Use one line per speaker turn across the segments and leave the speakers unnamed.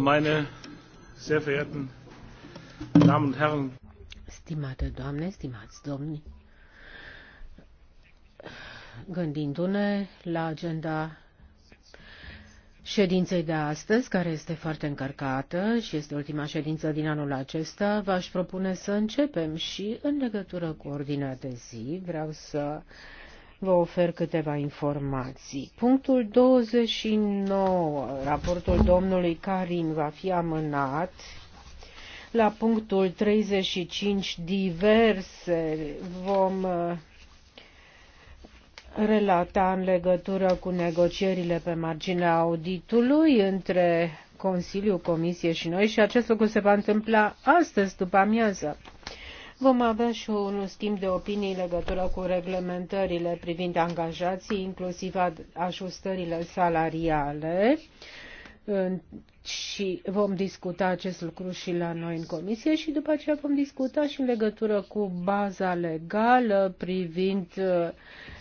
meine sehr verehrten Damen und Herren. Stimate doamne, stimați domni, gândindu-ne la agenda ședinței de astăzi, care este foarte încărcată și este ultima ședință din anul acesta, v-aș propune să începem și în legătură cu ordinea de zi. Vreau să vă ofer câteva informații. Punctul 29, raportul domnului Karin va fi amânat. La punctul 35, diverse, vom uh, relata în legătură cu negocierile pe marginea auditului între Consiliul, Comisie și noi și acest lucru se va întâmpla astăzi după amiază. Vom avea și un schimb de opinii în legătură cu reglementările privind angajații, inclusiv ajustările salariale și vom discuta acest lucru și la noi în comisie și după aceea vom discuta și în legătură cu baza legală privind uh,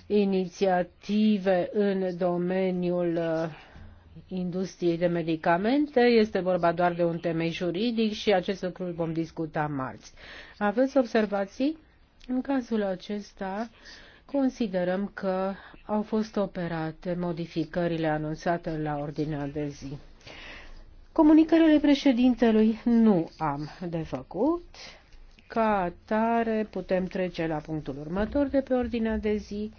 inițiative în domeniul uh, industriei de medicamente. Este vorba doar de un temei juridic și acest lucru îl vom discuta marți. Aveți observații? În cazul acesta considerăm că au fost operate modificările anunțate la ordinea de zi. Comunicările președintelui nu am de făcut. Ca atare putem trece la punctul următor de pe ordinea de zi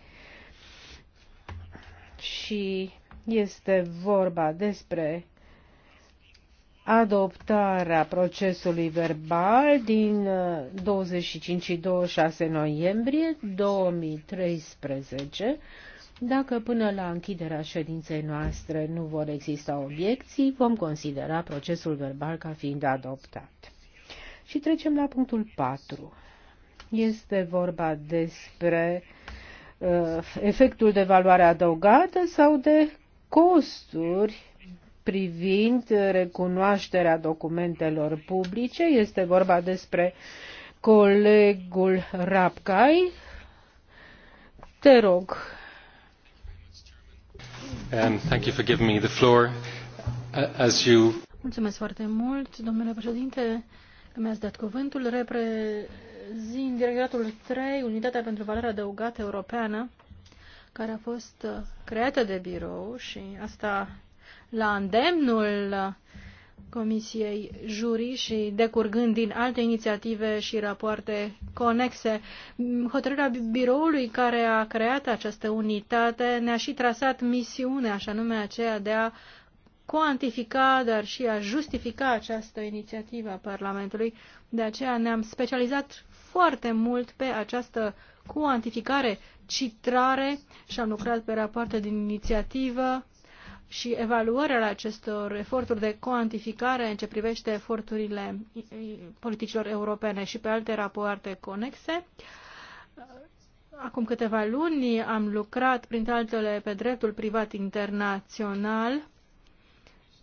și este vorba despre adoptarea procesului verbal din 25 uh, și 26 noiembrie 2013. Dacă până la închiderea ședinței noastre nu vor exista obiecții, vom considera procesul verbal ca fiind adoptat. Și trecem la punctul 4. Este vorba despre uh, efectul de valoare adăugată sau de costuri privind recunoașterea documentelor publice. Este vorba despre colegul Rapcai. Te rog. Um, thank you for giving me the floor. Uh, as you...
Mulțumesc foarte mult, domnule președinte, că mi-ați dat cuvântul. Reprezint directoratul 3, Unitatea pentru Valoarea Adăugată Europeană care a fost uh, creată de birou și asta la îndemnul uh, Comisiei Juri și decurgând din alte inițiative și rapoarte conexe. Mm, hotărârea biroului care a creat această unitate ne-a și trasat misiunea, așa nume aceea de a cuantifica, dar și a justifica această inițiativă a Parlamentului. De aceea ne-am specializat foarte mult pe această cuantificare, citrare și am lucrat pe rapoarte din inițiativă și evaluarea acestor eforturi de cuantificare în ce privește eforturile politicilor europene și pe alte rapoarte conexe. Acum câteva luni am lucrat, printre altele, pe dreptul privat internațional.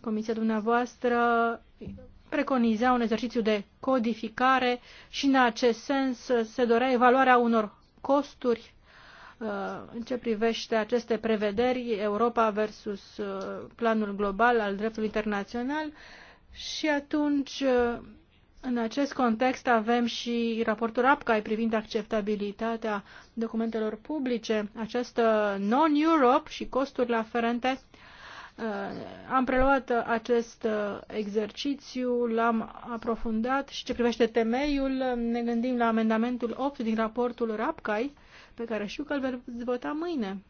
Comisia dumneavoastră preconiza un exercițiu de codificare și în acest sens se dorea evaluarea unor costuri uh, în ce privește aceste prevederi, Europa versus uh, planul global al dreptului internațional și atunci uh, în acest context avem și raportul APCAI privind acceptabilitatea documentelor publice, această non-Europe și costurile aferente Uh, am preluat uh, acest uh, exercițiu, l-am aprofundat și ce privește temeiul, ne gândim la amendamentul 8 din raportul RAPCAI, pe care știu că îl veți vota mâine.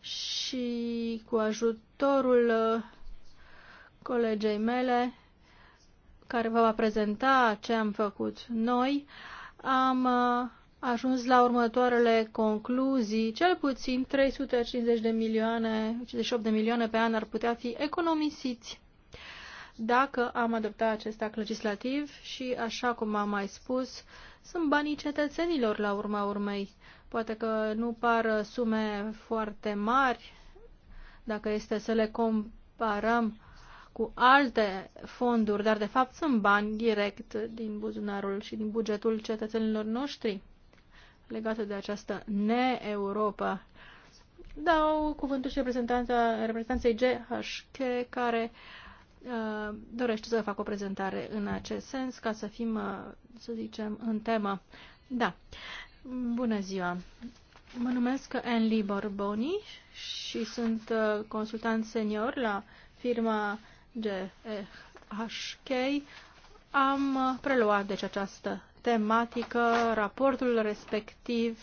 Și cu ajutorul colegei mele, care vă va prezenta ce am făcut noi, am ajuns la următoarele concluzii. Cel puțin 350 de milioane, 58 de milioane pe an ar putea fi economisiți dacă am adoptat acest act legislativ și, așa cum am mai spus, sunt banii cetățenilor la urma urmei. Poate că nu par sume foarte mari dacă este să le comparăm cu alte fonduri, dar de fapt sunt bani direct din buzunarul și din bugetul cetățenilor noștri legată de această ne-Europa. Dau cuvântul și reprezentanței GHK care uh, dorește să facă o prezentare în acest sens ca să fim, uh, să zicem, în temă. Da. Bună ziua! Mă numesc Enli Borboni și sunt uh, consultant senior la firma GHK. Am uh, preluat deci această tematică raportul respectiv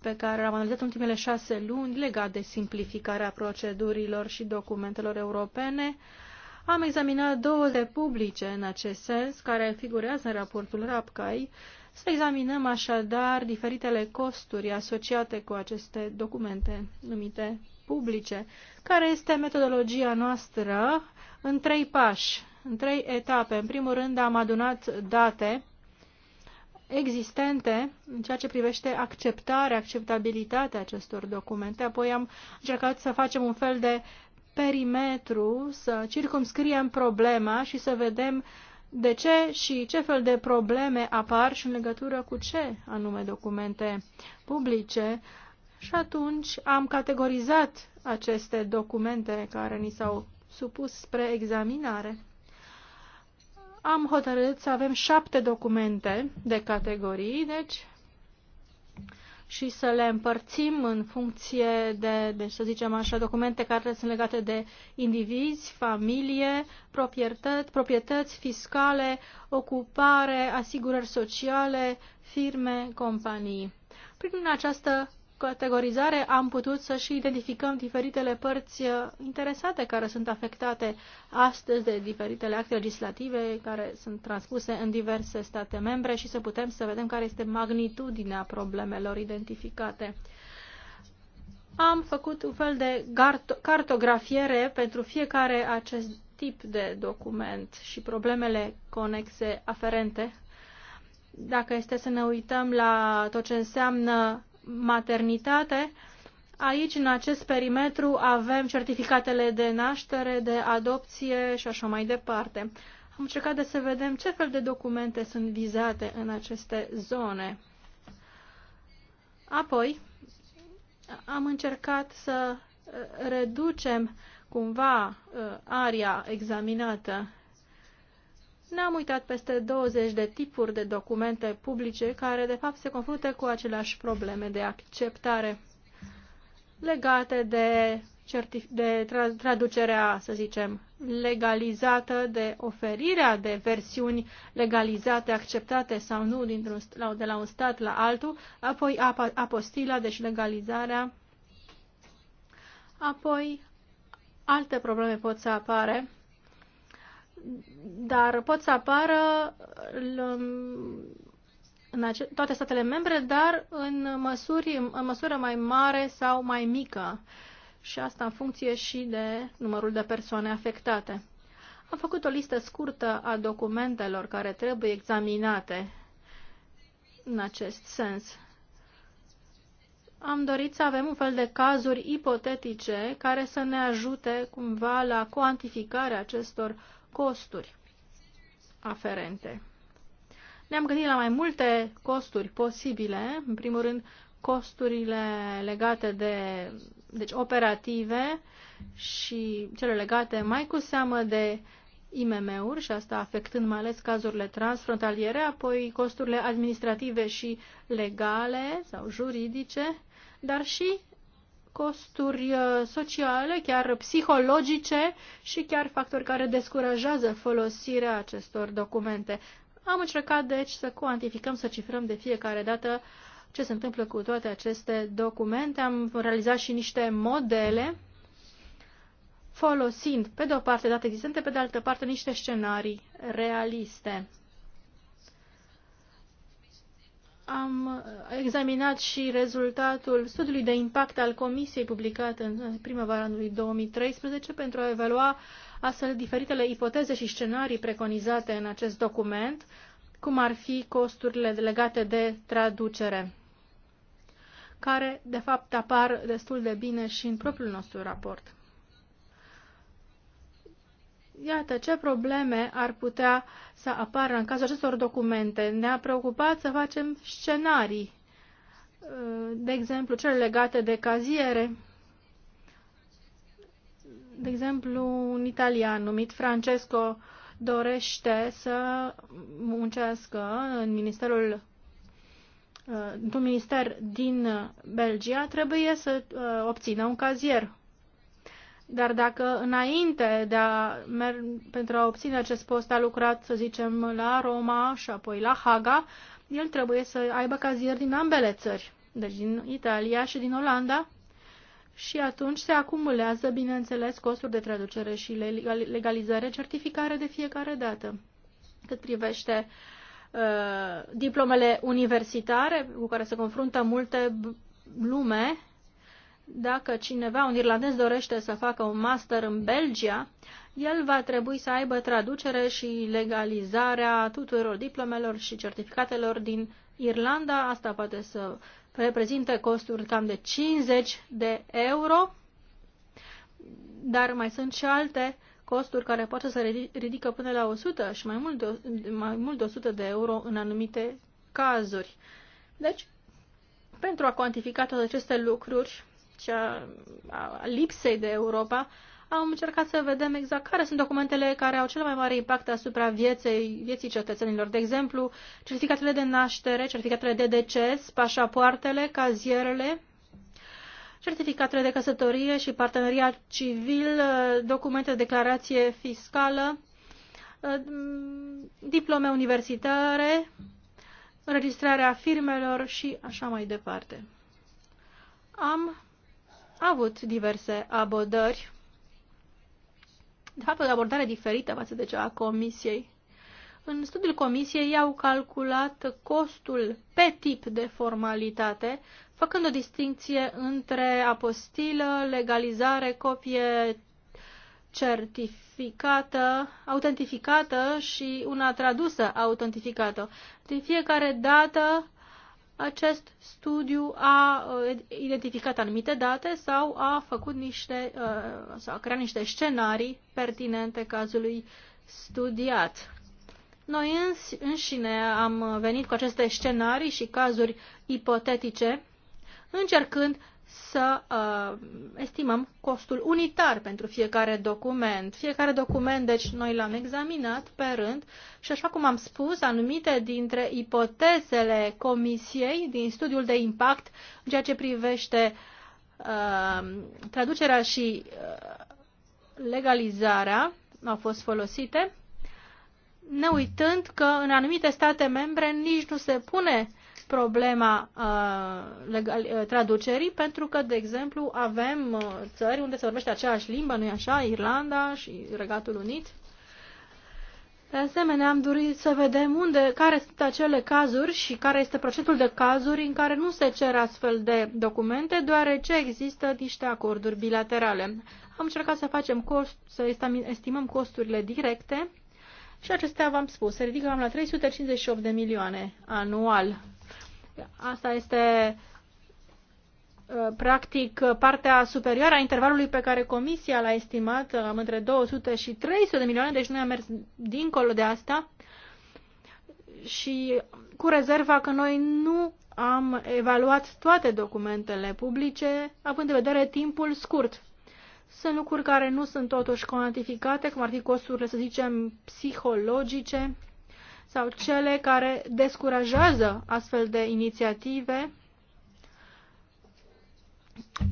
pe care l-am analizat în ultimele șase luni legat de simplificarea procedurilor și documentelor europene. Am examinat două de publice în acest sens, care figurează în raportul RAPCAI. Să examinăm așadar diferitele costuri asociate cu aceste documente numite publice, care este metodologia noastră în trei pași, în trei etape. În primul rând am adunat date existente în ceea ce privește acceptarea, acceptabilitatea acestor documente. Apoi am încercat să facem un fel de perimetru, să circumscriem problema și să vedem de ce și ce fel de probleme apar și în legătură cu ce anume documente publice. Și atunci am categorizat aceste documente care ni s-au supus spre examinare am hotărât să avem șapte documente de categorii, deci și să le împărțim în funcție de, deci să zicem așa, documente care sunt legate de indivizi, familie, proprietăți, proprietăți fiscale, ocupare, asigurări sociale, firme, companii. Prin această categorizare am putut să și identificăm diferitele părți uh, interesate care sunt afectate astăzi de diferitele acte legislative care sunt transpuse în diverse state membre și să putem să vedem care este magnitudinea problemelor identificate. Am făcut un fel de cartografiere pentru fiecare acest tip de document și problemele conexe aferente. Dacă este să ne uităm la tot ce înseamnă maternitate. Aici, în acest perimetru, avem certificatele de naștere, de adopție și așa mai departe. Am încercat de să vedem ce fel de documente sunt vizate în aceste zone. Apoi, am încercat să eh, reducem cumva eh, aria examinată ne am uitat peste 20 de tipuri de documente publice care, de fapt, se confruntă cu aceleași probleme de acceptare legate de, de tra- traducerea, să zicem, legalizată, de oferirea de versiuni legalizate, acceptate sau nu dintr-un, de la un stat la altul, apoi ap- apostila, deci legalizarea, apoi alte probleme pot să apare dar pot să apară în toate statele membre, dar în, măsuri, în măsură mai mare sau mai mică și asta în funcție și de numărul de persoane afectate. Am făcut o listă scurtă a documentelor care trebuie examinate în acest sens. Am dorit să avem un fel de cazuri ipotetice care să ne ajute cumva la cuantificarea acestor costuri aferente. Ne-am gândit la mai multe costuri posibile, în primul rând costurile legate de deci operative și cele legate mai cu seamă de IMM-uri și asta afectând mai ales cazurile transfrontaliere, apoi costurile administrative și legale sau juridice, dar și costuri uh, sociale, chiar psihologice și chiar factori care descurajează folosirea acestor documente. Am încercat, deci, să cuantificăm, să cifrăm de fiecare dată ce se întâmplă cu toate aceste documente. Am realizat și niște modele folosind, pe de o parte, date existente, pe de altă parte, niște scenarii realiste. Am uh, examinat și rezultatul studiului de impact al Comisiei publicat în primăvara anului 2013 pentru a evalua astfel diferitele ipoteze și scenarii preconizate în acest document, cum ar fi costurile legate de traducere, care de fapt apar destul de bine și în propriul nostru raport. Iată ce probleme ar putea să apară în cazul acestor documente. Ne-a preocupat să facem scenarii, de exemplu cele legate de caziere. De exemplu, un italian numit Francesco dorește să muncească în ministerul un minister din Belgia, trebuie să uh, obțină un cazier, dar dacă înainte de a merg, pentru a obține acest post a lucrat, să zicem, la Roma și apoi la Haga, el trebuie să aibă cazier din ambele țări, deci din Italia și din Olanda, și atunci se acumulează, bineînțeles, costuri de traducere și legalizare, certificare de fiecare dată. Cât privește uh, diplomele universitare cu care se confruntă multe lume, dacă cineva, un irlandez, dorește să facă un master în Belgia, el va trebui să aibă traducere și legalizarea tuturor diplomelor și certificatelor din Irlanda. Asta poate să reprezinte costuri cam de 50 de euro, dar mai sunt și alte costuri care poate să ridică până la 100 și mai mult de, mai mult de 100 de euro în anumite cazuri. Deci, pentru a cuantifica toate aceste lucruri, și a, a lipsei de Europa, am încercat să vedem exact care sunt documentele care au cel mai mare impact asupra vieței, vieții cetățenilor. De exemplu, certificatele de naștere, certificatele de deces, pașapoartele, cazierele, certificatele de căsătorie și parteneriat civil, documente de declarație fiscală, diplome universitare, înregistrarea firmelor și așa mai departe. Am a avut diverse abordări, de fapt o abordare diferită față de cea a Comisiei. În studiul Comisiei au calculat costul pe tip de formalitate, făcând o distinție între apostilă, legalizare, copie certificată, autentificată și una tradusă autentificată. De fiecare dată acest studiu a uh, identificat anumite date sau a făcut niște, uh, sau a creat niște scenarii pertinente cazului studiat. Noi înșine am venit cu aceste scenarii și cazuri ipotetice, încercând să uh, estimăm costul unitar pentru fiecare document. Fiecare document, deci, noi l-am examinat pe rând și, așa cum am spus, anumite dintre ipotezele comisiei din studiul de impact în ceea ce privește uh, traducerea și uh, legalizarea au fost folosite, ne uitând că în anumite state membre nici nu se pune uh, problema uh, legal, uh, traducerii, pentru că, de exemplu, avem uh, țări unde se vorbește aceeași limbă, nu-i așa, Irlanda și Regatul Unit. De asemenea, am dorit să vedem unde, care sunt acele cazuri și care este procentul de cazuri în care nu se cer astfel de documente, deoarece există niște acorduri bilaterale. Am încercat să facem cost, să estimăm costurile directe și acestea v-am spus, se ridică la 358 de milioane anual. Asta este uh, practic partea superioară a intervalului pe care Comisia l-a estimat, am între 200 și 300 de milioane, deci noi am mers dincolo de asta și cu rezerva că noi nu am evaluat toate documentele publice, având în vedere timpul scurt. Sunt lucruri care nu sunt totuși cuantificate, cum ar fi costurile, să zicem, psihologice, sau cele care descurajează astfel de inițiative,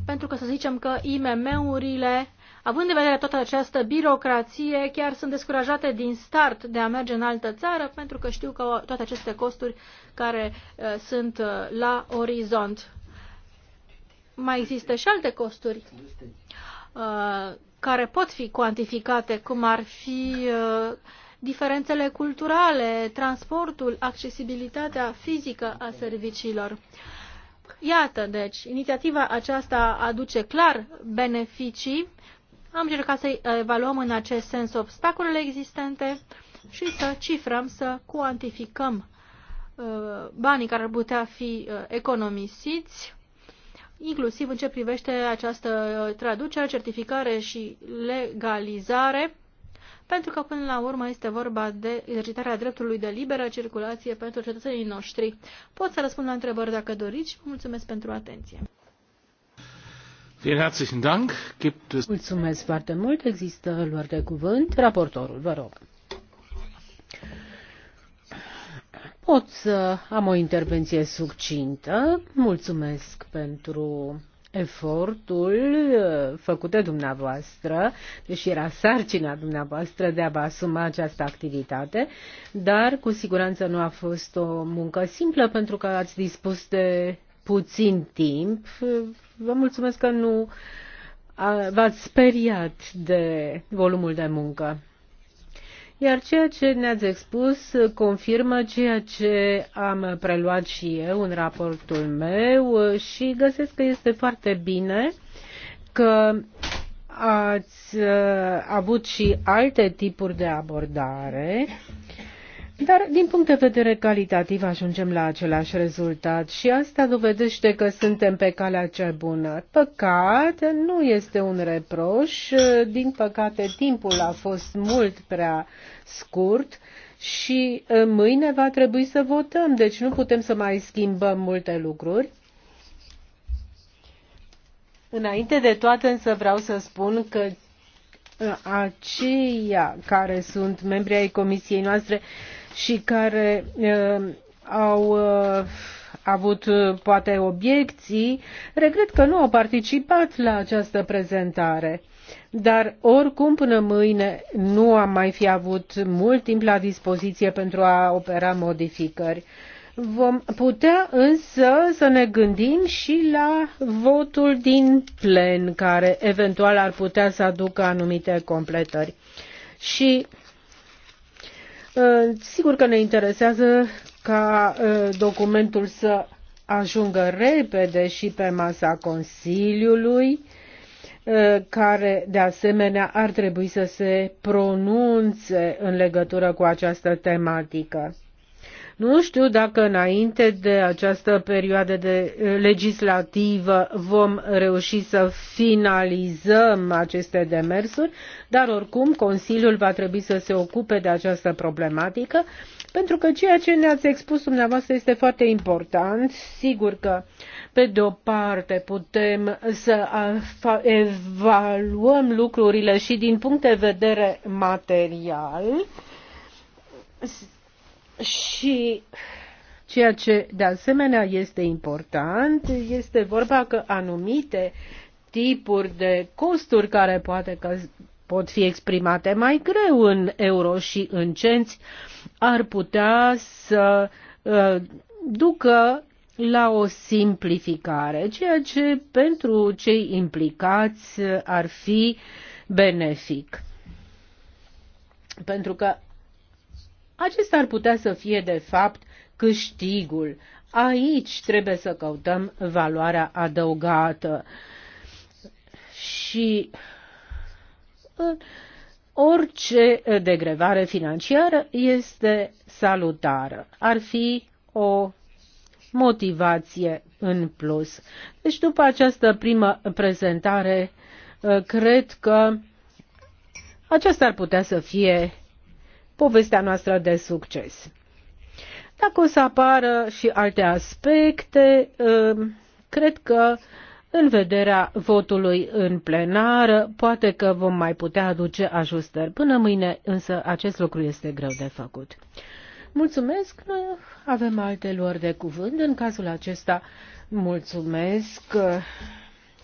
pentru că să zicem că IMM-urile, având în vedere toată această birocrație, chiar sunt descurajate din start de a merge în altă țară, pentru că știu că toate aceste costuri care uh, sunt uh, la orizont. Mai există și alte costuri uh, care pot fi cuantificate, cum ar fi uh, diferențele culturale, transportul, accesibilitatea fizică a serviciilor. Iată, deci, inițiativa aceasta aduce clar beneficii. Am încercat să evaluăm în acest sens obstacolele existente și să cifrăm, să cuantificăm uh, banii care ar putea fi uh, economisiți, inclusiv în ce privește această uh, traducere, certificare și legalizare pentru că până la urmă este vorba de exercitarea dreptului de liberă circulație pentru cetățenii noștri. Pot să răspund la întrebări dacă doriți mulțumesc pentru atenție.
Mulțumesc foarte mult. Există luări de cuvânt. Raportorul, vă rog. Pot să am o intervenție succintă. Mulțumesc pentru efortul uh, făcut de dumneavoastră, deși era sarcina dumneavoastră de a vă asuma această activitate, dar cu siguranță nu a fost o muncă simplă pentru că ați dispus de puțin timp. Vă mulțumesc că nu v-ați speriat de volumul de muncă. Iar ceea ce ne-ați expus confirmă ceea ce am preluat și eu în raportul meu și găsesc că este foarte bine că ați uh, avut și alte tipuri de abordare dar din punct de vedere calitativ ajungem la același rezultat și asta dovedește că suntem pe calea cea bună. Păcat, nu este un reproș, din păcate timpul a fost mult prea scurt și mâine va trebui să votăm, deci nu putem să mai schimbăm multe lucruri. Înainte de toate însă vreau să spun că aceia care sunt membri ai comisiei noastre și care au avut poate obiecții, regret că nu au participat la această prezentare. Dar oricum până mâine nu am mai fi avut mult timp la dispoziție pentru a opera modificări. Vom putea însă să ne gândim și la votul din plen care eventual ar putea să aducă anumite completări. Și Uh, sigur că ne interesează ca uh, documentul să ajungă repede și pe masa Consiliului, uh, care de asemenea ar trebui să se pronunțe în legătură cu această tematică. Nu știu dacă înainte de această perioadă de eh, legislativă vom reuși să finalizăm aceste demersuri, dar oricum Consiliul va trebui să se ocupe de această problematică, pentru că ceea ce ne-ați expus dumneavoastră este foarte important. Sigur că, pe de o parte, putem să evaluăm lucrurile și din punct de vedere material, și ceea ce de asemenea este important este vorba că anumite tipuri de costuri care poate că pot fi exprimate mai greu în euro și în cenți ar putea să uh, ducă la o simplificare, ceea ce pentru cei implicați ar fi benefic. Pentru că acesta ar putea să fie, de fapt, câștigul. Aici trebuie să căutăm valoarea adăugată. Și orice degrevare financiară este salutară. Ar fi o motivație în plus. Deci după această primă prezentare, cred că aceasta ar putea să fie povestea noastră de succes. Dacă o să apară și alte aspecte, um, cred că în vederea votului în plenară, poate că vom mai putea aduce ajustări. Până mâine, însă, acest lucru este greu de făcut. Mulțumesc, noi avem alte luări de cuvânt. În cazul acesta, mulțumesc uh,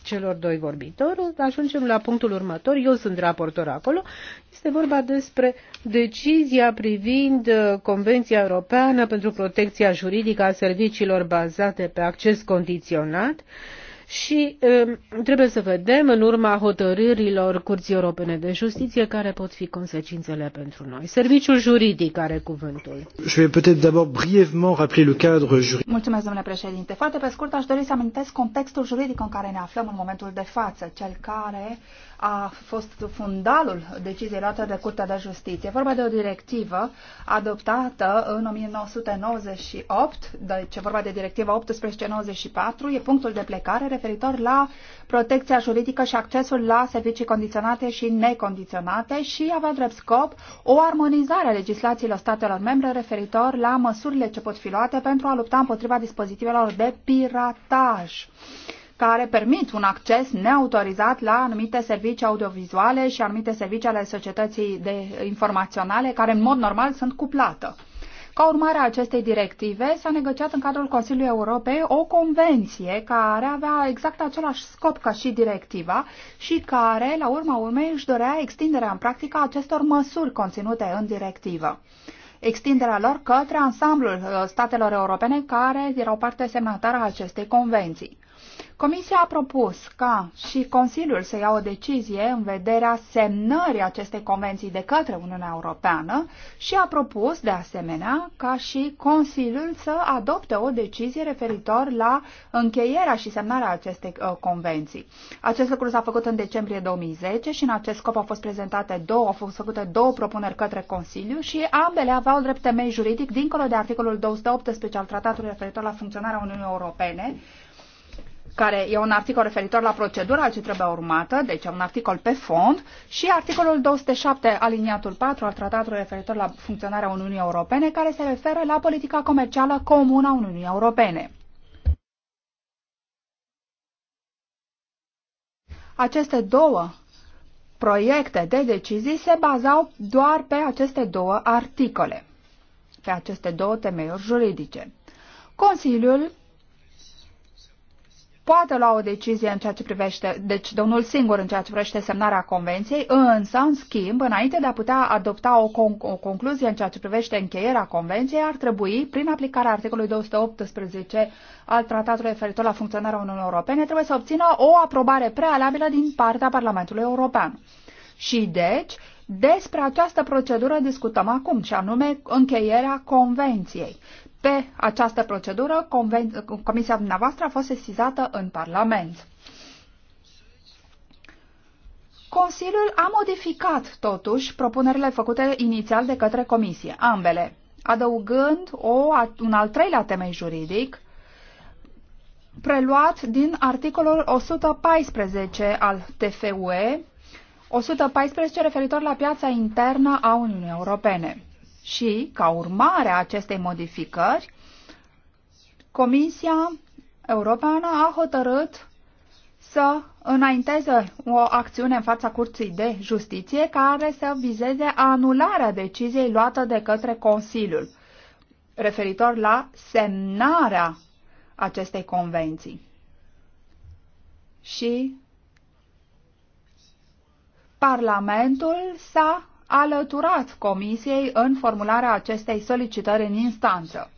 celor doi vorbitori. Ajungem la punctul următor. Eu sunt raportor acolo. Este vorba despre decizia privind uh, Convenția Europeană pentru protecția juridică a serviciilor bazate pe acces condiționat. Uh, și um, trebuie să vedem în urma hotărârilor Curții Europene de Justiție care pot fi consecințele pentru noi. Serviciul juridic are cuvântul. le
cadre juridic. Mulțumesc, domnule președinte. Foarte pe scurt, aș dori să amintesc contextul juridic în care ne aflăm în momentul de față, cel care a fost fundalul deciziei luate de Curtea de Justiție. E vorba de o directivă adoptată în 1998, deci e vorba de directiva 1894, e punctul de plecare referitor la protecția juridică și accesul la servicii condiționate și necondiționate și avea drept scop o armonizare a legislațiilor statelor membre referitor la măsurile ce pot fi luate pentru a lupta împotriva dispozitivelor de pirataj care permit un acces neautorizat la anumite servicii audiovizuale și anumite servicii ale societății de informaționale, care în mod normal sunt cuplată. Ca urmare a acestei directive, s-a negociat în cadrul Consiliului Europei o convenție care avea exact același scop ca și directiva și care, la urma urmei, își dorea extinderea în practică acestor măsuri conținute în directivă extinderea lor către ansamblul uh, statelor europene care erau parte semnatară a acestei convenții. Comisia a propus ca și Consiliul să ia o decizie în vederea semnării acestei convenții de către Uniunea Europeană și a propus, de asemenea, ca și Consiliul să adopte o decizie referitor la încheierea și semnarea acestei uh, convenții. Acest lucru s-a făcut în decembrie 2010 și în acest scop au fost prezentate două, au fost făcute două propuneri către Consiliu și ambele aveau drept temei juridic dincolo de articolul 218 al tratatului referitor la funcționarea Uniunii Europene, care e un articol referitor la procedura ce trebuie urmată, deci un articol pe fond, și articolul 207 aliniatul 4 al tratatului referitor la funcționarea Uniunii Europene, care se referă la politica comercială comună a Uniunii Europene. Aceste două proiecte de decizii se bazau doar pe aceste două articole, pe aceste două temeiuri juridice. Consiliul poate lua o decizie în ceea ce privește, deci de unul singur în ceea ce privește semnarea convenției, însă, în schimb, înainte de a putea adopta o, con- o concluzie în ceea ce privește încheierea convenției, ar trebui, prin aplicarea articolului 218 al tratatului referitor la funcționarea Uniunii Europene, trebuie să obțină o aprobare prealabilă din partea Parlamentului European. Și deci, despre această procedură discutăm acum, și anume încheierea convenției. Pe această procedură, comisia dumneavoastră a fost sesizată în Parlament. Consiliul a modificat, totuși, propunerile făcute inițial de către Comisie, ambele, adăugând o, un al treilea temei juridic, preluat din articolul 114 al TFUE, 114 referitor la piața internă a Uniunii Europene. Și, ca urmare a acestei modificări, Comisia Europeană a hotărât să înainteze o acțiune în fața Curții de Justiție care să vizeze anularea deciziei luată de către Consiliul referitor la semnarea acestei convenții. Și Parlamentul s-a alăturat Comisiei în formularea acestei solicitări în instanță.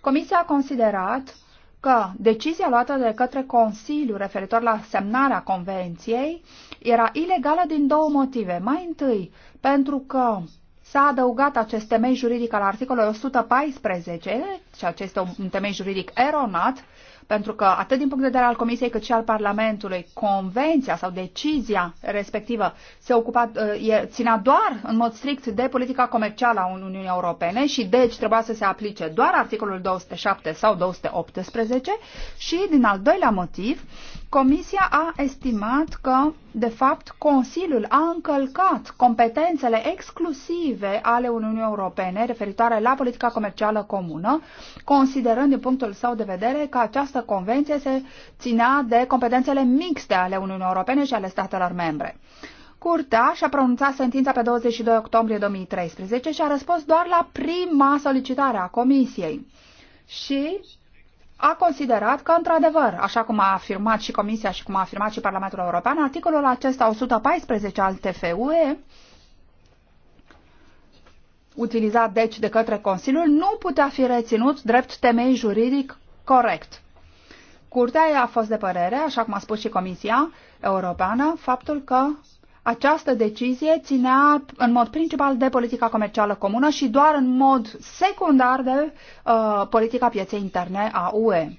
Comisia a considerat că decizia luată de către Consiliu referitor la semnarea convenției era ilegală din două motive. Mai întâi, pentru că s-a adăugat acest temei juridic al articolului 114, ceea ce este un temei juridic eronat, pentru că atât din punct de vedere al Comisiei cât și al Parlamentului, convenția sau decizia respectivă se ocupa, uh, e, ținea doar în mod strict de politica comercială a Uniunii Europene și deci trebuia să se aplice doar articolul 207 sau 218 și din al doilea motiv Comisia a estimat că, de fapt, Consiliul a încălcat competențele exclusive ale Uniunii Europene referitoare la politica comercială comună, considerând din punctul său de vedere că această convenție se ținea de competențele mixte ale Uniunii Europene și ale statelor membre. Curtea și-a pronunțat sentința pe 22 octombrie 2013 și a răspuns doar la prima solicitare a Comisiei. Și a considerat că, într-adevăr, așa cum a afirmat și Comisia și cum a afirmat și Parlamentul European, articolul acesta 114 al TFUE, utilizat deci de către Consiliul, nu putea fi reținut drept temei juridic corect. Curtea a fost de părere, așa cum a spus și Comisia Europeană, faptul că această decizie ținea în mod principal de politica comercială comună și doar în mod secundar de uh, politica pieței interne a UE.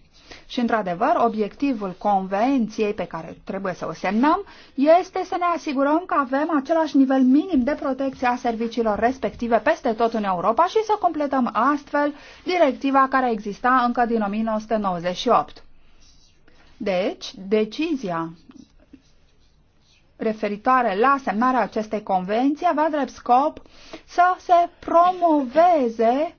Și, într-adevăr, obiectivul convenției pe care trebuie să o semnăm este să ne asigurăm că avem același nivel minim de protecție a serviciilor respective peste tot în Europa și să completăm astfel directiva care exista încă din 1998. Deci, decizia referitoare la semnarea acestei convenții avea drept scop să se promoveze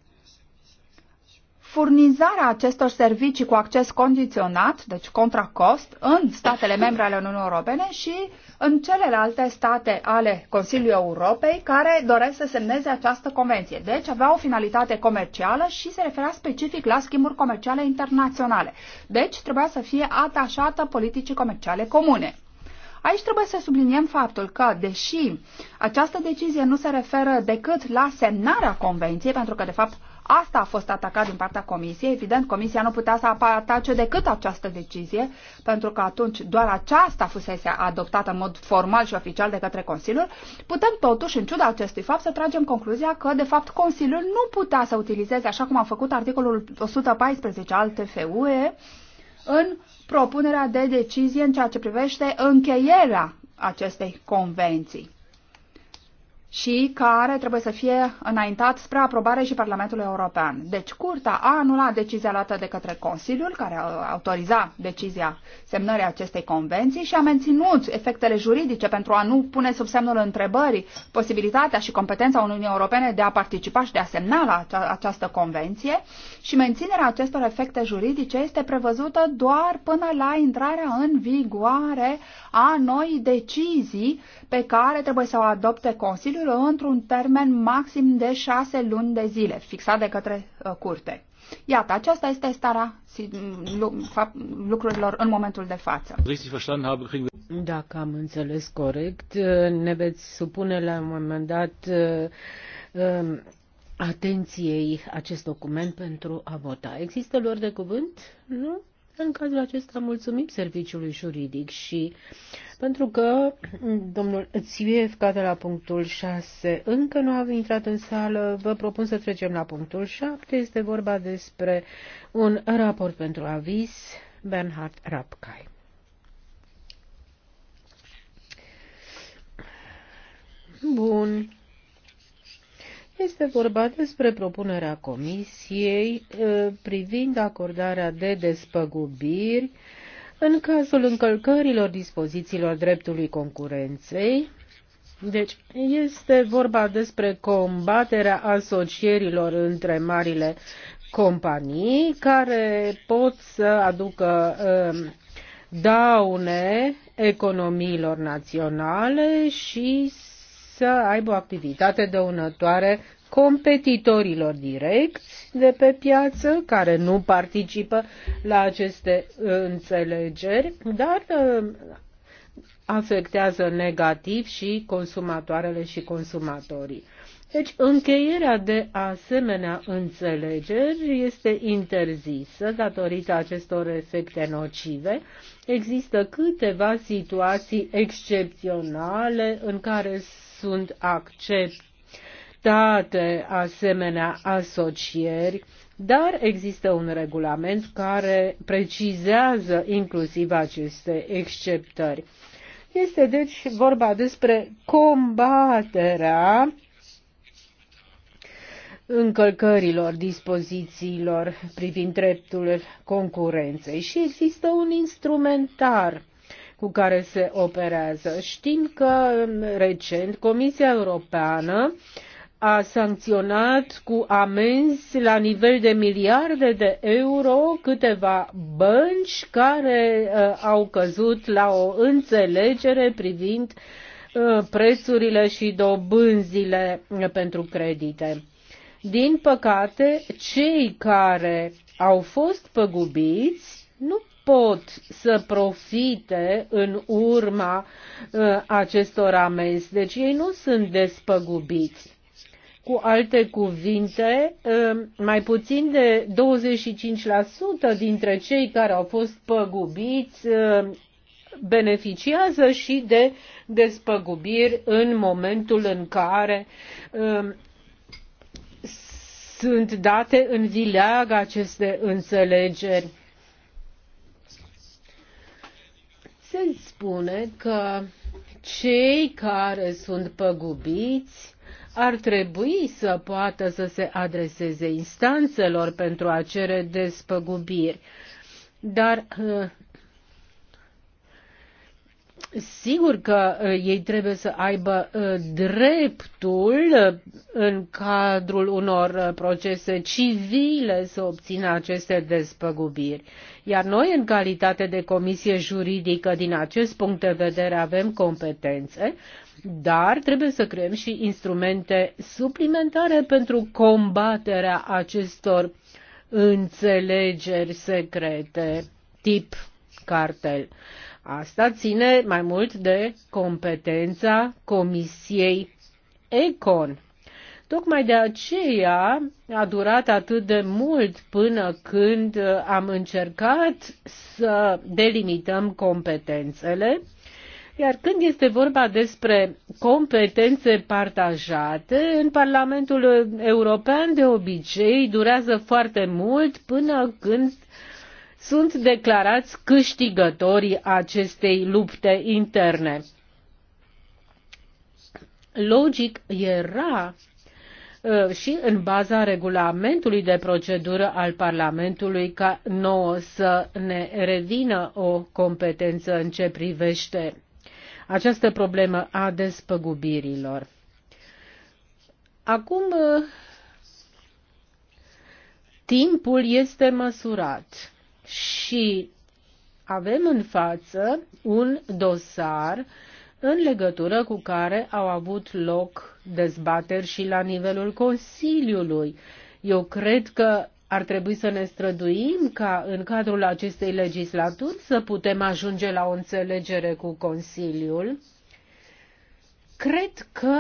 furnizarea acestor servicii cu acces condiționat, deci contra cost, în statele membre ale Uniunii Europene și în celelalte state ale Consiliului Europei care doresc să semneze această convenție. Deci avea o finalitate comercială și se referea specific la schimburi comerciale internaționale. Deci trebuia să fie atașată politicii comerciale comune. Aici trebuie să subliniem faptul că, deși această decizie nu se referă decât la semnarea convenției, pentru că, de fapt, Asta a fost atacat din partea Comisiei. Evident, Comisia nu putea să atace decât această decizie, pentru că atunci doar aceasta fusese adoptată în mod formal și oficial de către Consiliul. Putem totuși, în ciuda acestui fapt, să tragem concluzia că, de fapt, Consiliul nu putea să utilizeze, așa cum a făcut articolul 114 al TFUE, în propunerea de decizie în ceea ce privește încheierea acestei convenții și care trebuie să fie înaintat spre aprobare și Parlamentul European. Deci Curtea a anulat decizia luată de către Consiliul, care autoriza decizia semnării acestei convenții și a menținut efectele juridice pentru a nu pune sub semnul întrebării posibilitatea și competența Uniunii Europene de a participa și de a semna la această convenție și menținerea acestor efecte juridice este prevăzută doar până la intrarea în vigoare a noi decizii pe care trebuie să o adopte Consiliul într-un termen maxim de șase luni de zile, fixat de către uh, curte. Iată, aceasta este starea lucrurilor în momentul de față.
Dacă am înțeles corect, uh, ne veți supune la un moment dat uh, um, atenției acest document pentru a vota. Există lor de cuvânt? Nu? În cazul acesta mulțumim serviciului juridic și pentru că domnul Țievca de la punctul 6 încă nu a intrat în sală, vă propun să trecem la punctul 7. Este vorba despre un raport pentru aviz Bernhard Rapkai. Bun. Este vorba despre propunerea Comisiei uh, privind acordarea de despăgubiri în cazul încălcărilor dispozițiilor dreptului concurenței. Deci este vorba despre combaterea asocierilor între marile companii care pot să aducă um, daune economiilor naționale și să aibă o activitate dăunătoare competitorilor direcți de pe piață care nu participă la aceste înțelegeri, dar uh, afectează negativ și consumatoarele și consumatorii. Deci încheierea de asemenea înțelegeri este interzisă datorită acestor efecte nocive. Există câteva situații excepționale în care sunt acceptate asemenea asocieri, dar există un regulament care precizează inclusiv aceste exceptări. Este deci vorba despre combaterea încălcărilor dispozițiilor privind dreptul concurenței și există un instrumentar cu care se operează. Știm că recent Comisia Europeană a sancționat cu amenzi la nivel de miliarde de euro câteva bănci care uh, au căzut la o înțelegere privind uh, prețurile și dobânzile pentru credite. Din păcate, cei care au fost păgubiți nu pot să profite în urma uh, acestor amenzi. Deci ei nu sunt despăgubiți. Cu alte cuvinte, uh, mai puțin de 25% dintre cei care au fost păgubiți uh, beneficiază și de despăgubiri în momentul în care sunt date în vileag aceste înțelegeri se spune că cei care sunt păgubiți ar trebui să poată să se adreseze instanțelor pentru a cere despăgubiri. Dar Sigur că uh, ei trebuie să aibă uh, dreptul uh, în cadrul unor procese civile să obțină aceste despăgubiri. Iar noi, în calitate de comisie juridică, din acest punct de vedere avem competențe, dar trebuie să creăm și instrumente suplimentare pentru combaterea acestor înțelegeri secrete tip cartel. Asta ține mai mult de competența Comisiei Econ. Tocmai de aceea a durat atât de mult până când am încercat să delimităm competențele, iar când este vorba despre competențe partajate, în Parlamentul European de obicei durează foarte mult până când sunt declarați câștigătorii acestei lupte interne. Logic era uh, și în baza regulamentului de procedură al Parlamentului ca nouă să ne revină o competență în ce privește această problemă a despăgubirilor. Acum uh, timpul este măsurat și avem în față un dosar în legătură cu care au avut loc dezbateri și la nivelul Consiliului. Eu cred că ar trebui să ne străduim ca în cadrul acestei legislaturi să putem ajunge la o înțelegere cu Consiliul. Cred că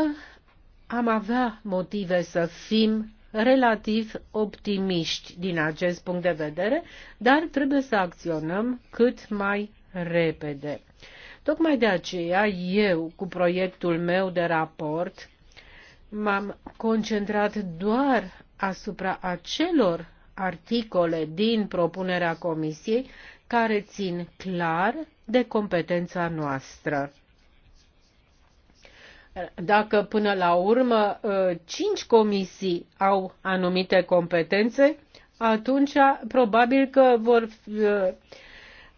am avea motive să fim relativ optimiști din acest punct de vedere, dar trebuie să acționăm cât mai repede. Tocmai de aceea eu, cu proiectul meu de raport, m-am concentrat doar asupra acelor articole din propunerea Comisiei care țin clar de competența noastră. Dacă până la urmă ă, cinci comisii au anumite competențe, atunci probabil că vor ă,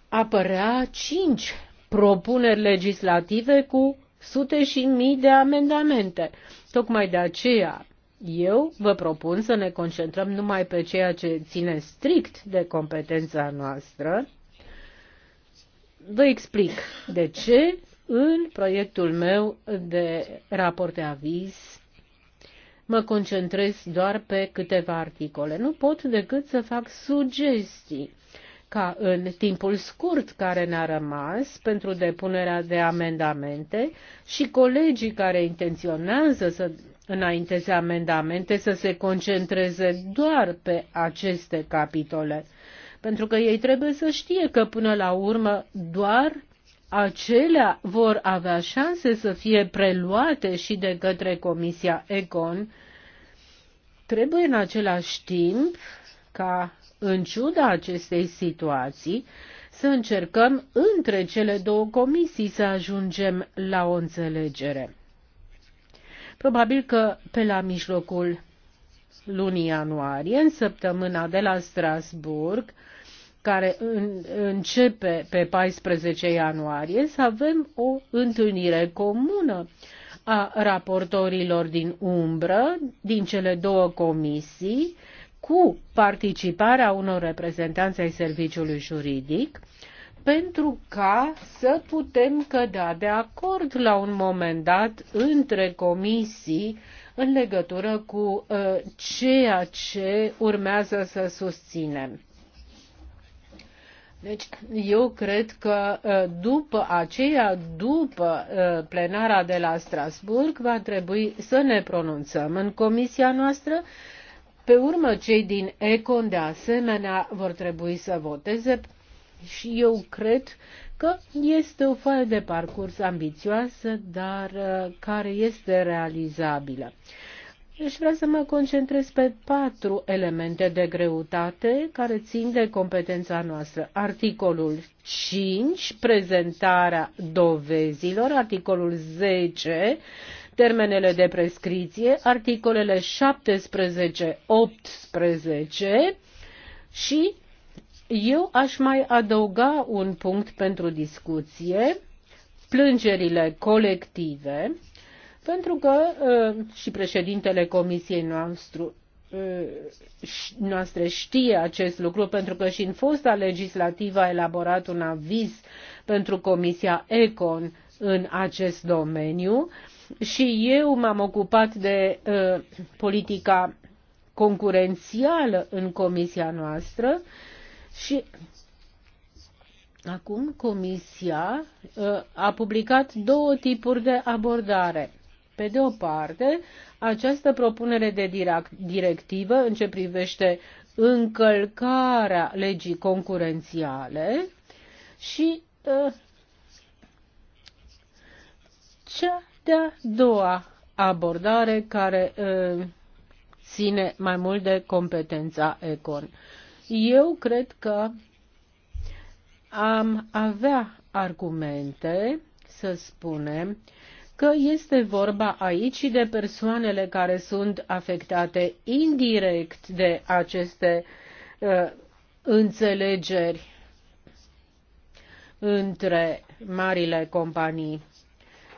apărea cinci propuneri legislative cu sute și mii de amendamente. Tocmai de aceea eu vă propun să ne concentrăm numai pe ceea ce ține strict de competența noastră. Vă explic de ce în proiectul meu de raport de aviz mă concentrez doar pe câteva articole. Nu pot decât să fac sugestii ca în timpul scurt care ne-a rămas pentru depunerea de amendamente și colegii care intenționează să înainteze amendamente să se concentreze doar pe aceste capitole. Pentru că ei trebuie să știe că până la urmă doar acelea vor avea șanse să fie preluate și de către Comisia Econ, trebuie în același timp ca, în ciuda acestei situații, să încercăm între cele două comisii să ajungem la o înțelegere. Probabil că pe la mijlocul lunii ianuarie, în săptămâna de la Strasburg, care începe pe 14 ianuarie, să avem o întâlnire comună a raportorilor din umbră, din cele două comisii, cu participarea unor reprezentanți ai serviciului juridic, pentru ca să putem cădea de acord la un moment dat între comisii în legătură cu uh, ceea ce urmează să susținem. Deci, eu cred că uh, după aceea, după uh, plenara de la Strasburg, va trebui să ne pronunțăm în comisia noastră. Pe urmă, cei din Econ, de asemenea, vor trebui să voteze și eu cred că este o foaie de parcurs ambițioasă, dar uh, care este realizabilă își deci vrea să mă concentrez pe patru elemente de greutate care țin de competența noastră. Articolul 5, prezentarea dovezilor, articolul 10, termenele de prescriție, articolele 17, 18 și eu aș mai adăuga un punct pentru discuție, plângerile colective, pentru că uh, și președintele comisiei noastre uh, noastre știe acest lucru pentru că și în fosta legislativă a elaborat un aviz pentru Comisia Econ în acest domeniu și eu m-am ocupat de uh, politica concurențială în comisia noastră și acum comisia uh, a publicat două tipuri de abordare pe de o parte, această propunere de directivă în ce privește încălcarea legii concurențiale și uh, cea de-a doua abordare care uh, ține mai mult de competența Econ. Eu cred că am avea argumente să spunem că este vorba aici și de persoanele care sunt afectate indirect de aceste uh, înțelegeri între marile companii.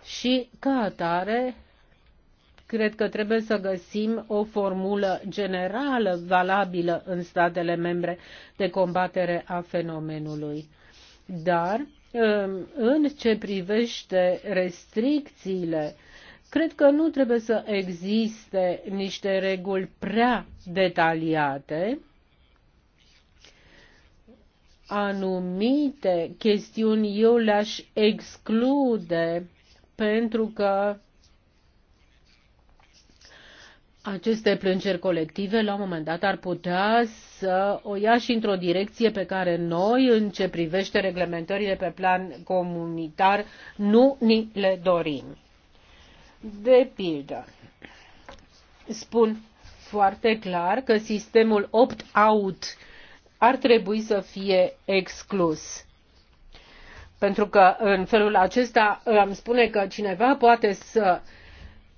Și ca atare, cred că trebuie să găsim o formulă generală valabilă în statele membre de combatere a fenomenului. Dar Ehm, în ce privește restricțiile, cred că nu trebuie să existe niște reguli prea detaliate. Anumite chestiuni eu le-aș exclude pentru că aceste plângeri colective la un moment dat ar putea să o ia și într-o direcție pe care noi, în ce privește reglementările pe plan comunitar, nu ni le dorim. De pildă, spun foarte clar că sistemul opt-out ar trebui să fie exclus pentru că în felul acesta îmi spune că cineva poate să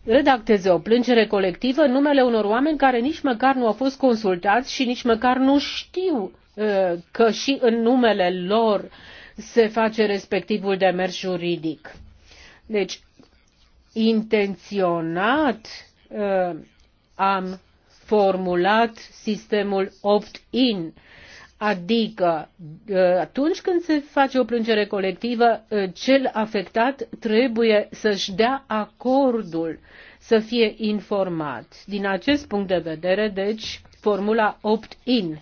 redacteze o plângere colectivă în numele unor oameni care nici măcar nu au fost consultați și nici măcar nu știu uh, că și în numele lor se face respectivul demers juridic. Deci, intenționat uh, am formulat sistemul opt-in Adică, ă, atunci când se face o plângere colectivă, ă, cel afectat trebuie să-și dea acordul să fie informat. Din acest punct de vedere, deci, formula opt-in.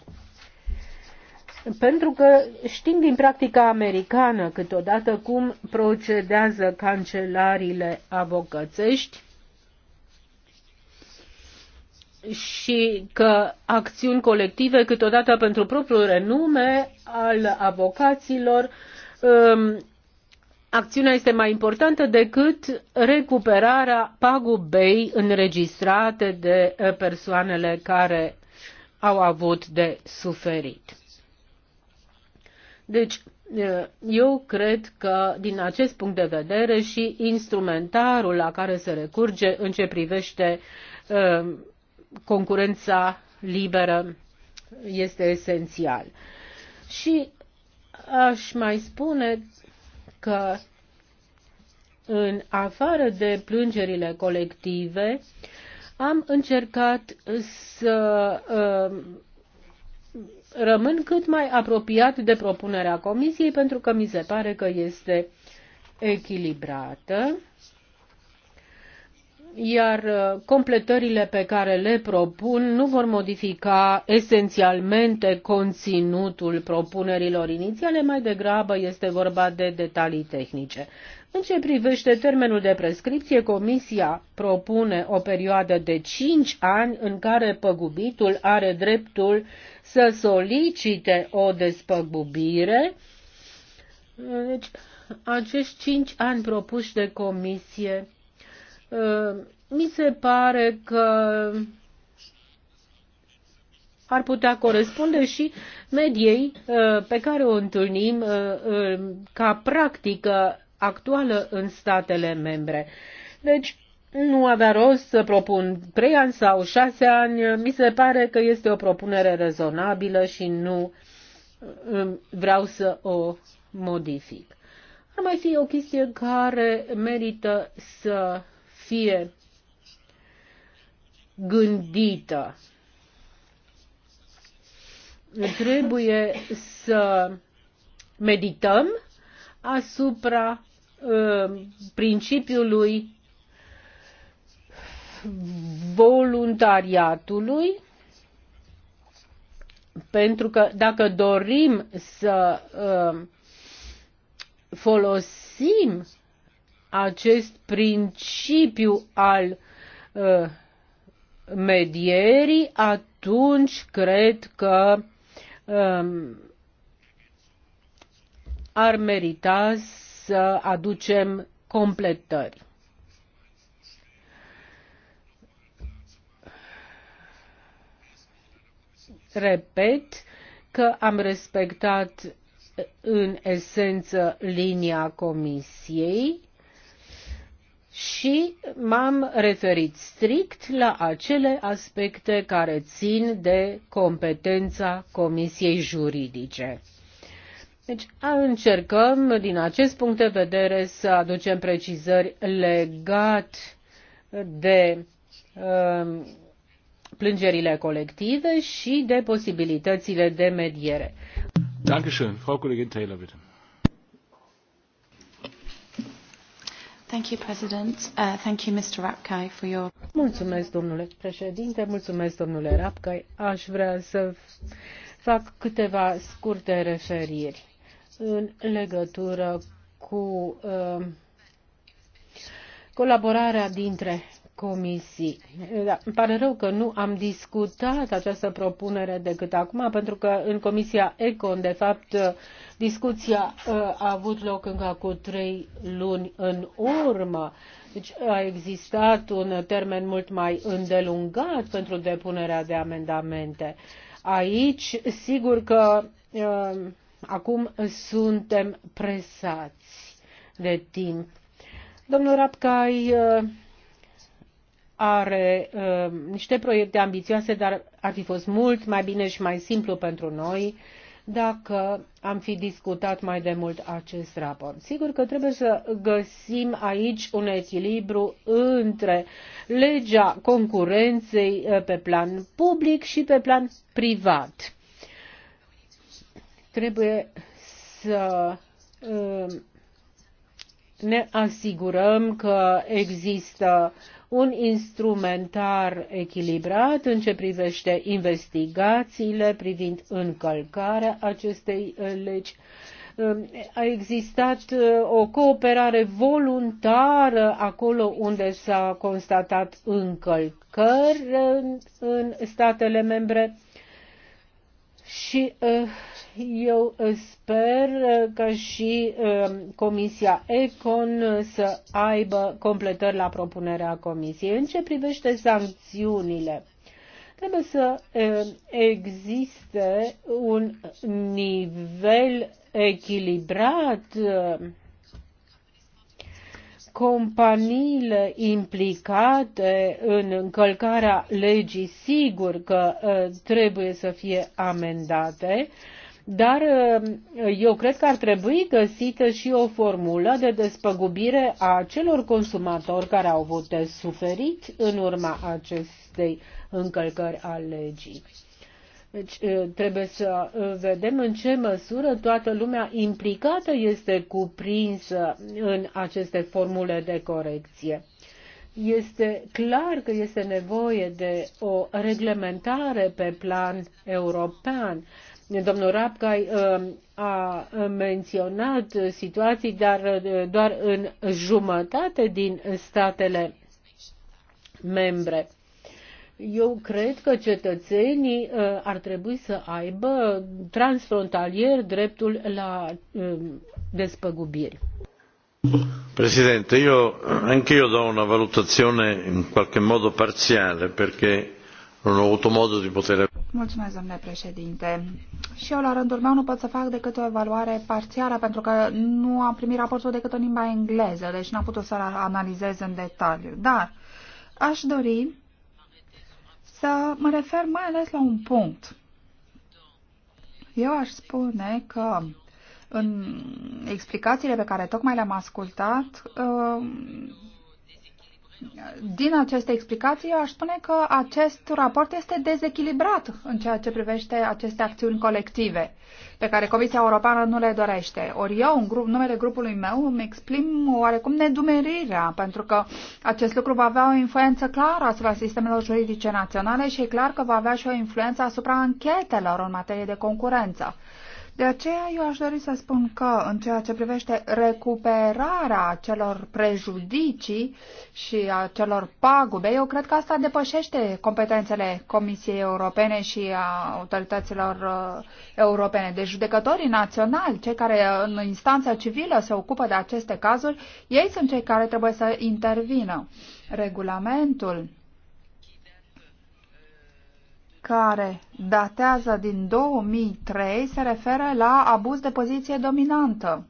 Pentru că știm din practica americană câteodată cum procedează cancelariile avocățești și că acțiuni colective, câteodată pentru propriul renume al avocaților, um, acțiunea este mai importantă decât recuperarea pagubei înregistrate de uh, persoanele care au avut de suferit. Deci, uh, eu cred că, din acest punct de vedere, și instrumentarul la care se recurge în ce privește uh, concurența liberă este esențial. Și aș mai spune că în afară de plângerile colective, am încercat să uh, rămân cât mai apropiat de propunerea comisiei pentru că mi se pare că este echilibrată iar uh, completările pe care le propun nu vor modifica esențialmente conținutul propunerilor inițiale, mai degrabă este vorba de detalii tehnice. În ce privește termenul de prescripție, Comisia propune o perioadă de 5 ani în care păgubitul are dreptul să solicite o despăgubire. Deci, acești 5 ani propuși de Comisie Uh, mi se pare că ar putea corespunde și mediei uh, pe care o întâlnim uh, ca practică actuală în statele membre. Deci, nu avea rost să propun trei ani sau șase ani. Mi se pare că este o propunere rezonabilă și nu vreau să o modific. Ar mai fi o chestie care merită să fie gândită. Trebuie să medităm asupra uh, principiului voluntariatului pentru că dacă dorim să uh, folosim acest principiu al uh, medierii, atunci cred că um, ar merita să aducem completări. Repet că am respectat în esență linia comisiei și m-am referit strict la acele aspecte care țin de competența Comisiei Juridice. Deci încercăm din acest punct de vedere să aducem precizări legat de uh, plângerile colective și de posibilitățile de mediere.
Dankeschön, Frau Kollegin Taylor, bitte.
Uh, mulțumesc, domnule președinte, mulțumesc, domnule Rapkay. Aș vrea să fac câteva scurte referiri în legătură cu uh, colaborarea dintre comisii. Da, îmi pare rău că nu am discutat această propunere decât acum, pentru că în Comisia ECON, de fapt, discuția uh, a avut loc încă cu trei luni în urmă. Deci a existat un termen mult mai îndelungat pentru depunerea de amendamente. Aici, sigur că uh, acum suntem presați de timp. Domnul Rapcai, uh, are uh, niște proiecte ambițioase, dar ar fi fost mult mai bine și mai simplu pentru noi dacă am fi discutat mai de mult acest raport. Sigur că trebuie să găsim aici un echilibru între legea concurenței uh, pe plan public și pe plan privat. Trebuie să uh, ne asigurăm că există un instrumentar echilibrat în ce privește investigațiile privind încălcarea acestei uh, legi. Um, a existat uh, o cooperare voluntară acolo unde s-a constatat încălcări în statele membre și uh, eu sper uh, ca și um, Comisia Econ să aibă completări la propunerea Comisiei. În ce privește sancțiunile? Trebuie să um, existe un nivel echilibrat uh, companiile implicate în încălcarea legii sigur că uh, trebuie să fie amendate, dar uh, eu cred că ar trebui găsită și o formulă de despăgubire a celor consumatori care au avut de suferit în urma acestei încălcări a legii. Deci uh, trebuie să uh, vedem în ce măsură toată lumea implicată este cuprinsă în aceste formule de corecție. Este clar că este nevoie de o reglementare pe plan european Domnul Rapcai um, a menționat situații, dar uh, doar în jumătate din statele membre. Eu cred că cetățenii uh, ar trebui să aibă transfrontalier dreptul la um, despăgubiri.
Presidente, io, anche io do una valutazione in qualche modo parziale perché
non ho avuto modo di poter Mulțumesc, domnule președinte. Și eu, la rândul meu, nu pot să fac decât o evaluare parțială, pentru că nu am primit raportul decât în limba engleză, deci n-am putut să-l analizez în detaliu. Dar aș dori să mă refer mai ales la un punct. Eu aș spune că în explicațiile pe care tocmai le-am ascultat, uh, din aceste explicații, eu aș spune că acest raport este dezechilibrat în ceea ce privește aceste acțiuni colective pe care Comisia Europeană nu le dorește. Ori eu, în grup, numele grupului meu, îmi exprim oarecum nedumerirea, pentru că acest lucru va avea o influență clară asupra sistemelor juridice naționale și e clar că va avea și o influență asupra anchetelor în materie de concurență. De aceea eu aș dori să spun că în ceea ce privește recuperarea celor prejudicii și a celor pagube, eu cred că asta depășește competențele Comisiei Europene și a autorităților uh, europene. Deci judecătorii naționali, cei care uh, în instanța civilă se ocupă de aceste cazuri, ei sunt cei care trebuie să intervină. Regulamentul care datează din 2003 se referă la abuz de poziție dominantă.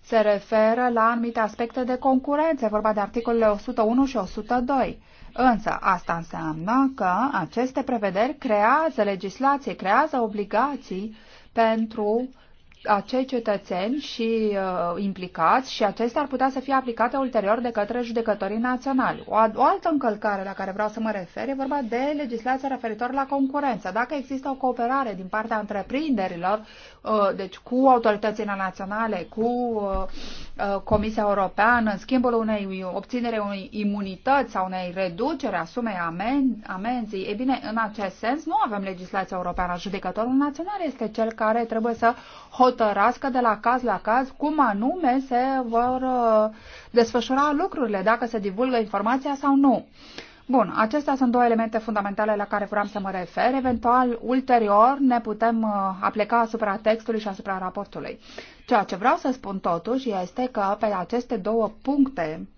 Se referă la anumite aspecte de concurență, vorba de articolele 101 și 102. Însă asta înseamnă că aceste prevederi creează legislație, creează obligații pentru uh, acei cetățeni și uh, implicați și acestea ar putea să fie aplicate ulterior de către judecătorii naționali. O, o altă încălcare la care vreau să mă refer e vorba de legislația referitor la concurență. Dacă există o cooperare din partea întreprinderilor, uh, deci cu autoritățile naționale, cu uh, uh Comisia Europeană, în schimbul unei obținere unei imunități sau unei reducere a sumei amen, amenzii, e bine, în acest sens nu avem legislația europeană. Judecătorul național este cel care trebuie să hot hotărască de la caz la caz cum anume se vor uh, desfășura lucrurile, dacă se divulgă informația sau nu. Bun, acestea sunt două elemente fundamentale la care vreau să mă refer. Eventual, ulterior, ne putem uh, apleca asupra textului și asupra raportului. Ceea ce vreau să spun totuși este că pe aceste două puncte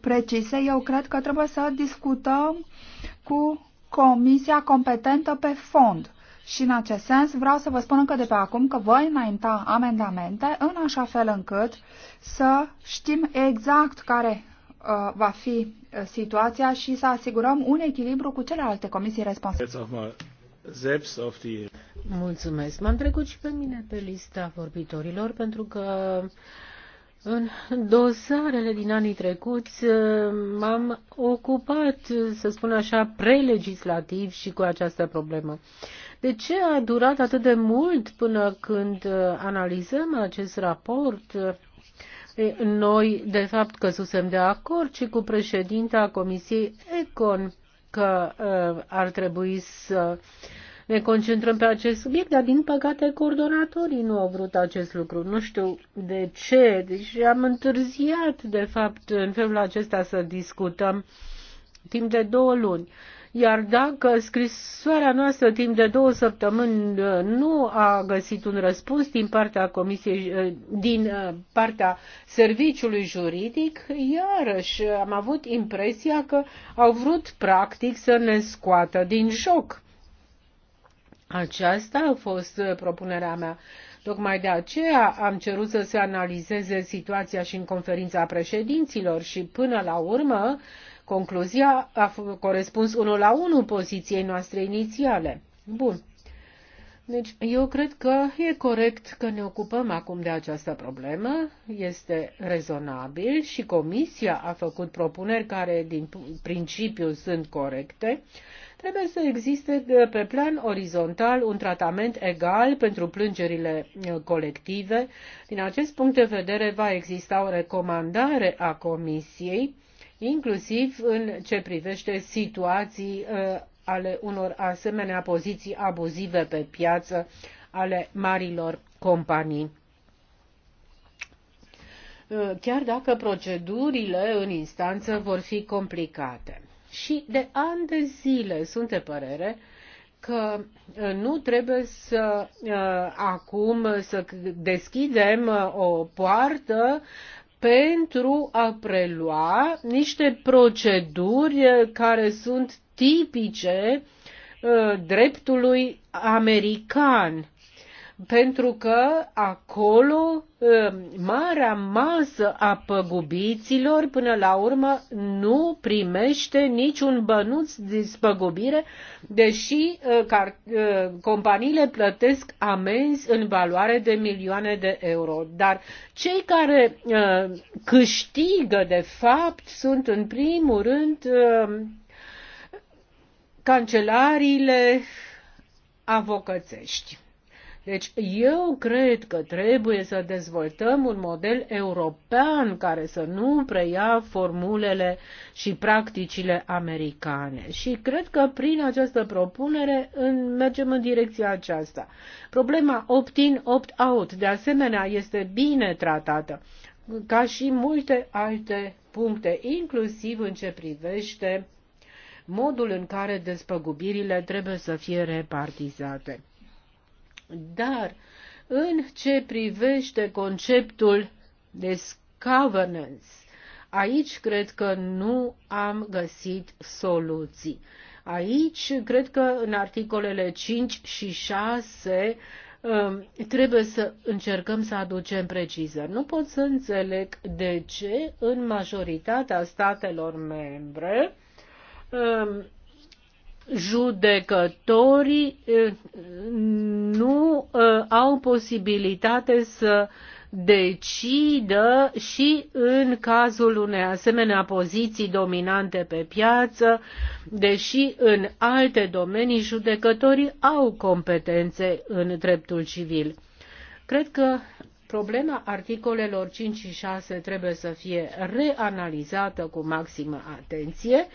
precise, eu cred că trebuie să discutăm cu comisia competentă pe fond. Și în acest sens vreau să vă spun încă de pe acum că voi înainta amendamente în așa fel încât să știm exact care uh, va fi uh, situația și să asigurăm un echilibru cu celelalte comisii
responsabile. Mulțumesc. M-am trecut și pe mine pe lista vorbitorilor pentru că în dosarele din anii trecuți uh, m-am ocupat, să spun așa, prelegislativ și cu această problemă. De ce a durat atât de mult până când uh, analizăm acest raport? Noi, de fapt, căzusem de acord și cu președinta Comisiei Econ că uh, ar trebui să ne concentrăm pe acest subiect, dar din păcate coordonatorii nu au vrut acest lucru. Nu știu de ce. Deci am întârziat, de fapt, în felul acesta să discutăm timp de două luni. Iar dacă scrisoarea noastră timp de două săptămâni uh, nu a găsit un răspuns din partea comisiei, uh, din uh, partea serviciului juridic, iarăși am avut impresia că au vrut practic să ne scoată din joc. Aceasta a fost propunerea mea. Tocmai de aceea am cerut să se analizeze situația și în conferința președinților și până la urmă Concluzia a corespuns unul la unul poziției noastre inițiale. Bun. Deci, eu cred că e corect că ne ocupăm acum de această problemă, este rezonabil și Comisia a făcut propuneri care, din principiu, sunt corecte. Trebuie să existe pe plan orizontal un tratament egal pentru plângerile colective. Din acest punct de vedere, va exista o recomandare a Comisiei inclusiv în ce privește situații uh, ale unor asemenea poziții abuzive pe piață ale marilor companii. Uh, chiar dacă procedurile în instanță vor fi complicate. Și de ani de zile sunt de părere că uh, nu trebuie să acum să deschidem o poartă pentru a prelua niște proceduri eh, care sunt tipice eh, dreptului american pentru că acolo um, marea masă a păgubiților până la urmă nu primește niciun bănuț de spăgubire, deși uh, uh, companiile plătesc amenzi în valoare de milioane de euro. Dar cei care uh, câștigă de fapt sunt în primul rând cancelariile avocățești. Deci eu cred că trebuie să dezvoltăm un model european care să nu preia formulele și practicile americane. Și cred că prin această propunere mergem în direcția aceasta. Problema opt-in, opt-out, de asemenea, este bine tratată, ca și multe alte puncte, inclusiv în ce privește modul în care despăgubirile trebuie să fie repartizate. Dar în ce privește conceptul de governance, aici cred că nu am găsit soluții. Aici cred că în articolele 5 și 6 um, trebuie să încercăm să aducem precizări. Nu pot să înțeleg de ce în majoritatea statelor membre um, judecătorii nu au posibilitate să decidă și în cazul unei asemenea poziții dominante pe piață, deși în alte domenii judecătorii au competențe în dreptul civil. Cred că problema articolelor 5 și 6 trebuie să fie reanalizată cu maximă atenție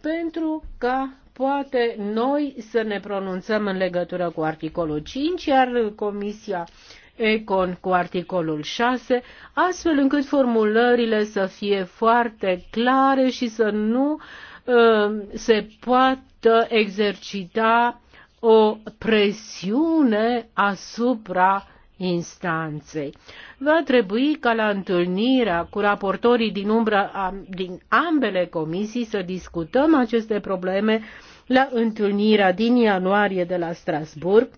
pentru ca poate noi să ne pronunțăm în legătură cu articolul 5, iar Comisia Econ cu articolul 6, astfel încât formulările să fie foarte clare și să nu uh, se poată exercita o presiune asupra instanței. Va trebui ca la întâlnirea cu raportorii din umbra din ambele comisii să discutăm aceste probleme la întâlnirea din ianuarie de la Strasburg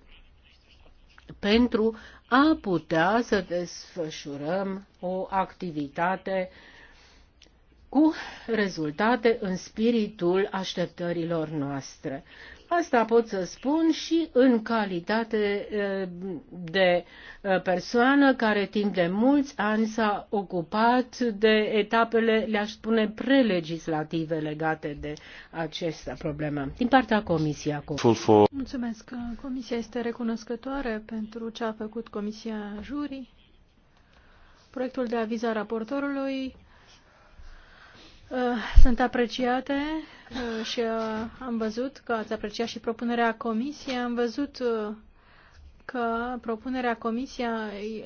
pentru a putea să desfășurăm o activitate cu rezultate în spiritul așteptărilor noastre. Asta pot să spun și în calitate de persoană care timp de mulți ani s-a ocupat de etapele, le-aș spune, prelegislative legate de această problemă. Din partea Comisiei acum.
Mulțumesc. Comisia este recunoscătoare pentru ce a făcut Comisia Jurii. Proiectul de aviz a raportorului Uh, sunt apreciate uh, și uh, am văzut că ați apreciat și propunerea comisiei. Am văzut că propunerea comisia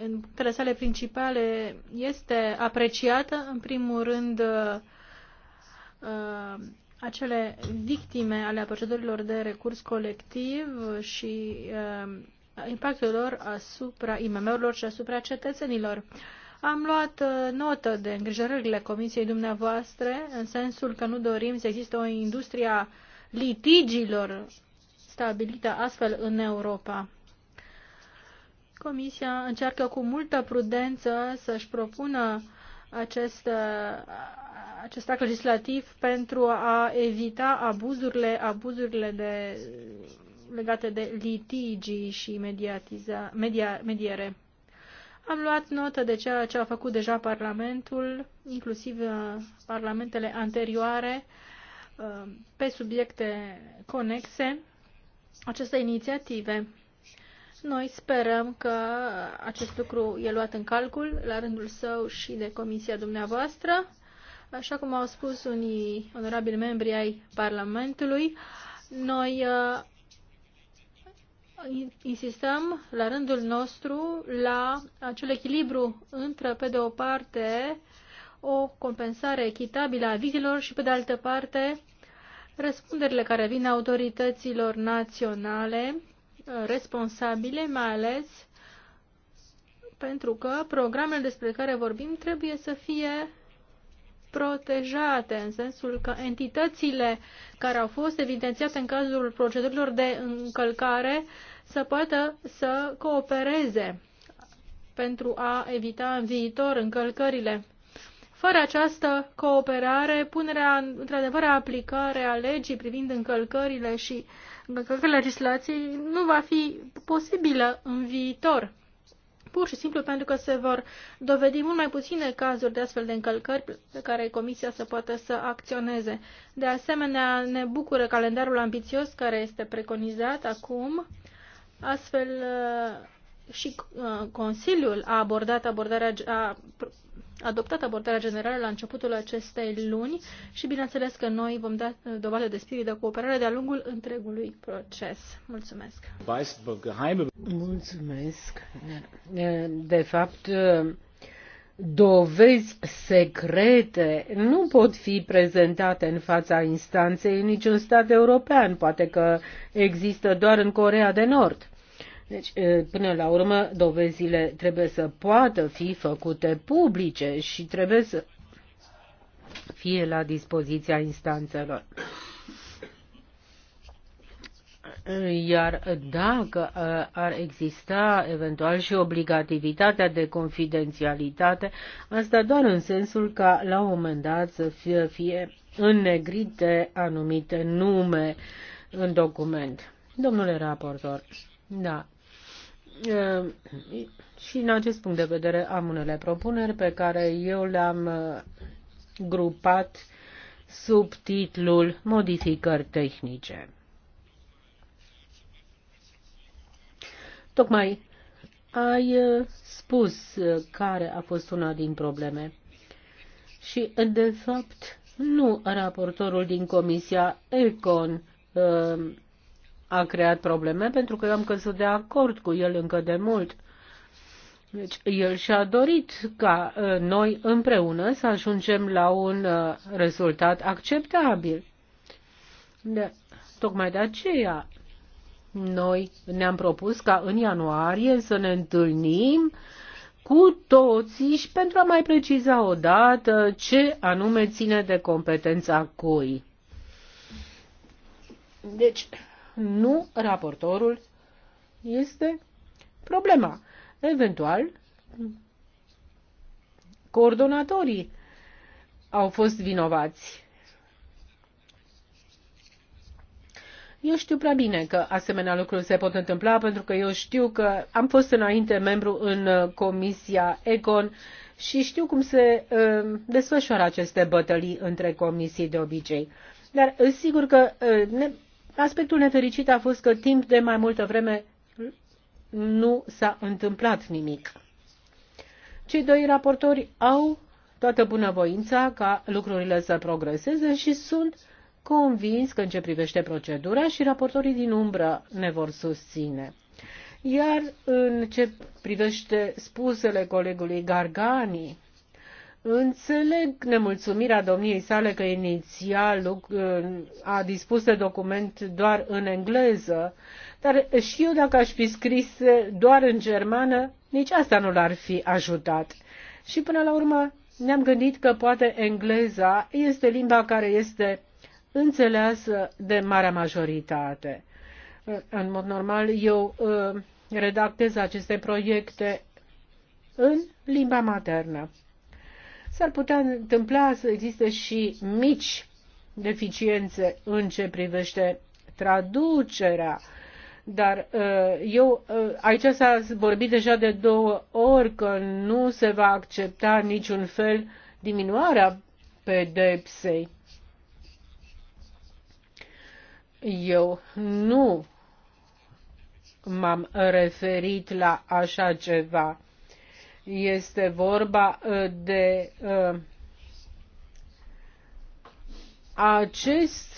în punctele sale principale este apreciată, în primul rând acele victime ale procedurilor de recurs colectiv și impactul lor asupra IMM-urilor și asupra cetățenilor. Am luat uh, notă de îngrijorările Comisiei dumneavoastră în sensul că nu dorim să existe o industrie a litigilor stabilită astfel în Europa. Comisia încearcă cu multă prudență să-și propună acest, uh, acest act legislativ pentru a evita abuzurile, abuzurile de, legate de litigii și mediatiza, media, mediere. Am luat notă de ceea ce a făcut deja Parlamentul, inclusiv uh, parlamentele anterioare, uh, pe subiecte conexe aceste inițiative. Noi sperăm că acest lucru e luat în calcul la rândul său și de comisia dumneavoastră. Așa cum au spus unii onorabili membri ai Parlamentului, noi uh, insistăm la rândul nostru la acel echilibru între, pe de o parte, o compensare echitabilă a vizilor și, pe de altă parte, răspunderile care vin autorităților naționale uh, responsabile, mai ales pentru că programele despre care vorbim trebuie să fie protejate, în sensul că entitățile care au fost evidențiate în cazul procedurilor de încălcare să poată să coopereze pentru a evita în viitor încălcările. Fără această cooperare, punerea într-adevăr aplicare a legii privind încălcările și încălcările legislației nu va fi posibilă în viitor pur și simplu pentru că se vor dovedi mult mai puține cazuri de astfel de încălcări pe care Comisia să poată să acționeze. De asemenea, ne bucură calendarul ambițios care este preconizat acum, astfel uh, și uh, Consiliul a abordat abordarea a adoptat abordarea generală la începutul acestei luni și bineînțeles că noi vom da uh, dovadă de spirit de cooperare de-a lungul întregului proces. Mulțumesc!
Mulțumesc! De fapt, dovezi secrete nu pot fi prezentate în fața instanței în niciun stat european, poate că există doar în Corea de Nord. Deci, până la urmă, dovezile trebuie să poată fi făcute publice și trebuie să fie la dispoziția instanțelor. Iar dacă ar exista eventual și obligativitatea de confidențialitate, asta doar în sensul ca la un moment dat să fie, fie înnegrite anumite nume în document. Domnule raportor, da, Eh, și în acest punct de vedere am unele propuneri pe care eu le-am eh, grupat sub titlul Modificări tehnice. Tocmai ai eh, spus care a fost una din probleme. Și, de fapt, nu raportorul din Comisia Econ a creat probleme pentru că eu am căzut de acord cu el încă de mult. Deci el și-a dorit ca uh, noi împreună să ajungem la un uh, rezultat acceptabil. De, tocmai de aceea noi ne-am propus ca în ianuarie să ne întâlnim cu toții și pentru a mai preciza o dată ce anume ține de competența cui. Deci, nu raportorul este problema. Eventual, coordonatorii au fost vinovați. Eu știu prea bine că asemenea lucruri se pot întâmpla, pentru că eu știu că am fost înainte membru în uh, Comisia Econ și știu cum se uh, desfășoară aceste bătălii între comisii de obicei. Dar uh, sigur că uh, ne Aspectul nefericit a fost că timp de mai multă vreme nu s-a întâmplat nimic. Cei doi raportori au toată bunăvoința ca lucrurile să progreseze și sunt convins că în ce privește procedura și raportorii din umbră ne vor susține. Iar în ce privește spusele colegului Gargani, Înțeleg nemulțumirea domniei sale că inițial a dispus de document doar în engleză, dar și eu dacă aș fi scris doar în germană, nici asta nu l-ar fi ajutat. Și până la urmă ne-am gândit că poate engleza este limba care este înțeleasă de marea majoritate. În mod normal, eu ă, redactez aceste proiecte în limba maternă. S-ar putea întâmpla să existe și mici deficiențe în ce privește traducerea dar uh, eu uh, aici s-a vorbit deja de două ori că nu se va accepta niciun fel diminuarea pedepsei. Eu nu m-am referit la așa ceva. Este vorba uh, de uh, acest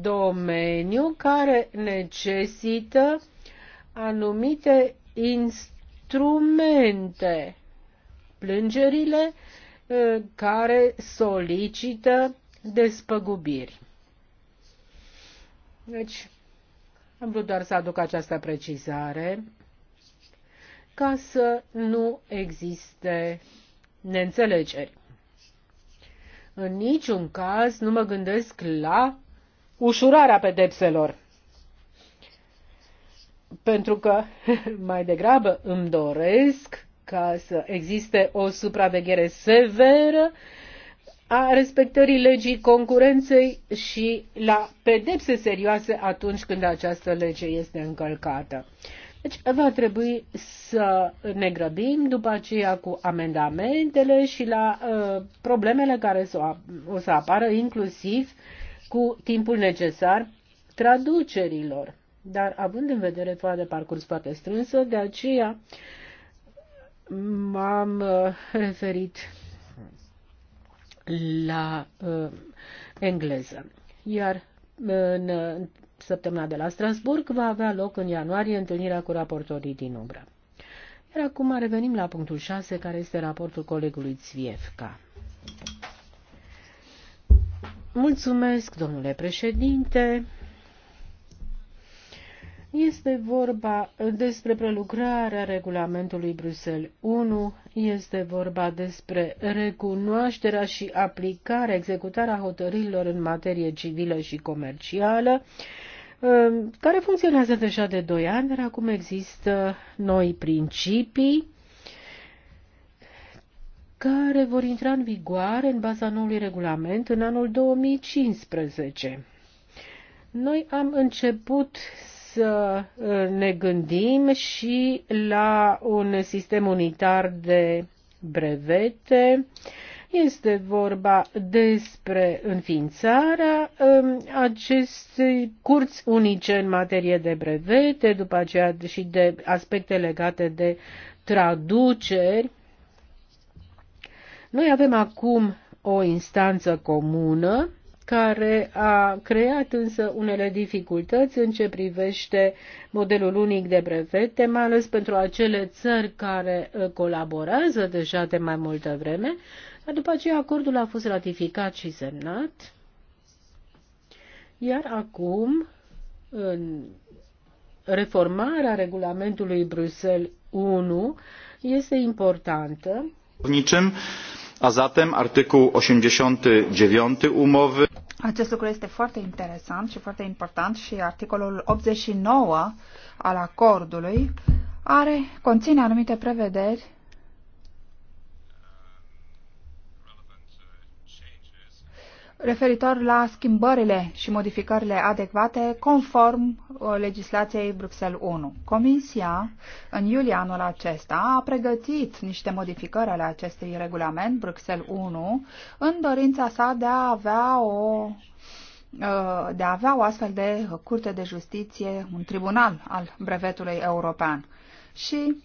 domeniu care necesită anumite instrumente, plângerile uh, care solicită despăgubiri. Deci, am vrut doar să aduc această precizare ca să nu existe neînțelegeri. În niciun caz nu mă gândesc la ușurarea pedepselor. Pentru că mai degrabă îmi doresc ca să existe o supraveghere severă a respectării legii concurenței și la pedepse serioase atunci când această lege este încălcată. Deci va trebui să ne grăbim după aceea cu amendamentele și la uh, problemele care o să apară, inclusiv cu timpul necesar traducerilor. Dar având în vedere foa de parcurs foarte strânsă, de aceea m-am uh, referit la uh, engleză. Iar uh, în săptămâna de la Strasburg va avea loc în ianuarie întâlnirea cu raportorii din umbră. Iar acum revenim la punctul 6, care este raportul colegului Țviefca. Mulțumesc, domnule președinte. Este vorba despre prelucrarea regulamentului Bruxelles 1, este vorba despre recunoașterea și aplicarea, executarea hotărârilor în materie civilă și comercială, um, care funcționează deja de 2 ani, dar acum există noi principii care vor intra în vigoare în baza noului regulament în anul 2015. Noi am început să uh, ne gândim și la un sistem unitar de brevete. Este vorba despre înființarea um, acestei curți unice în materie de brevete, după aceea și de aspecte legate de traduceri. Noi avem acum o instanță comună care a creat însă unele dificultăți în ce privește modelul unic de brevete, mai ales pentru acele țări care uh, colaborează deja de mai multă vreme, dar după aceea acordul a fost ratificat și semnat, iar acum, în reformarea regulamentului Bruxelles 1
este importantă.
Niczym, a zatem artykuł 89 umowy
acest lucru este foarte interesant și foarte important și articolul 89 al acordului are, conține anumite prevederi referitor la schimbările și modificările adecvate conform uh, legislației Bruxelles 1. Comisia, în iulie anul acesta, a pregătit niște modificări ale acestui regulament Bruxelles 1 în dorința sa de a avea o uh, de a avea o astfel de curte de justiție, un tribunal al brevetului european. Și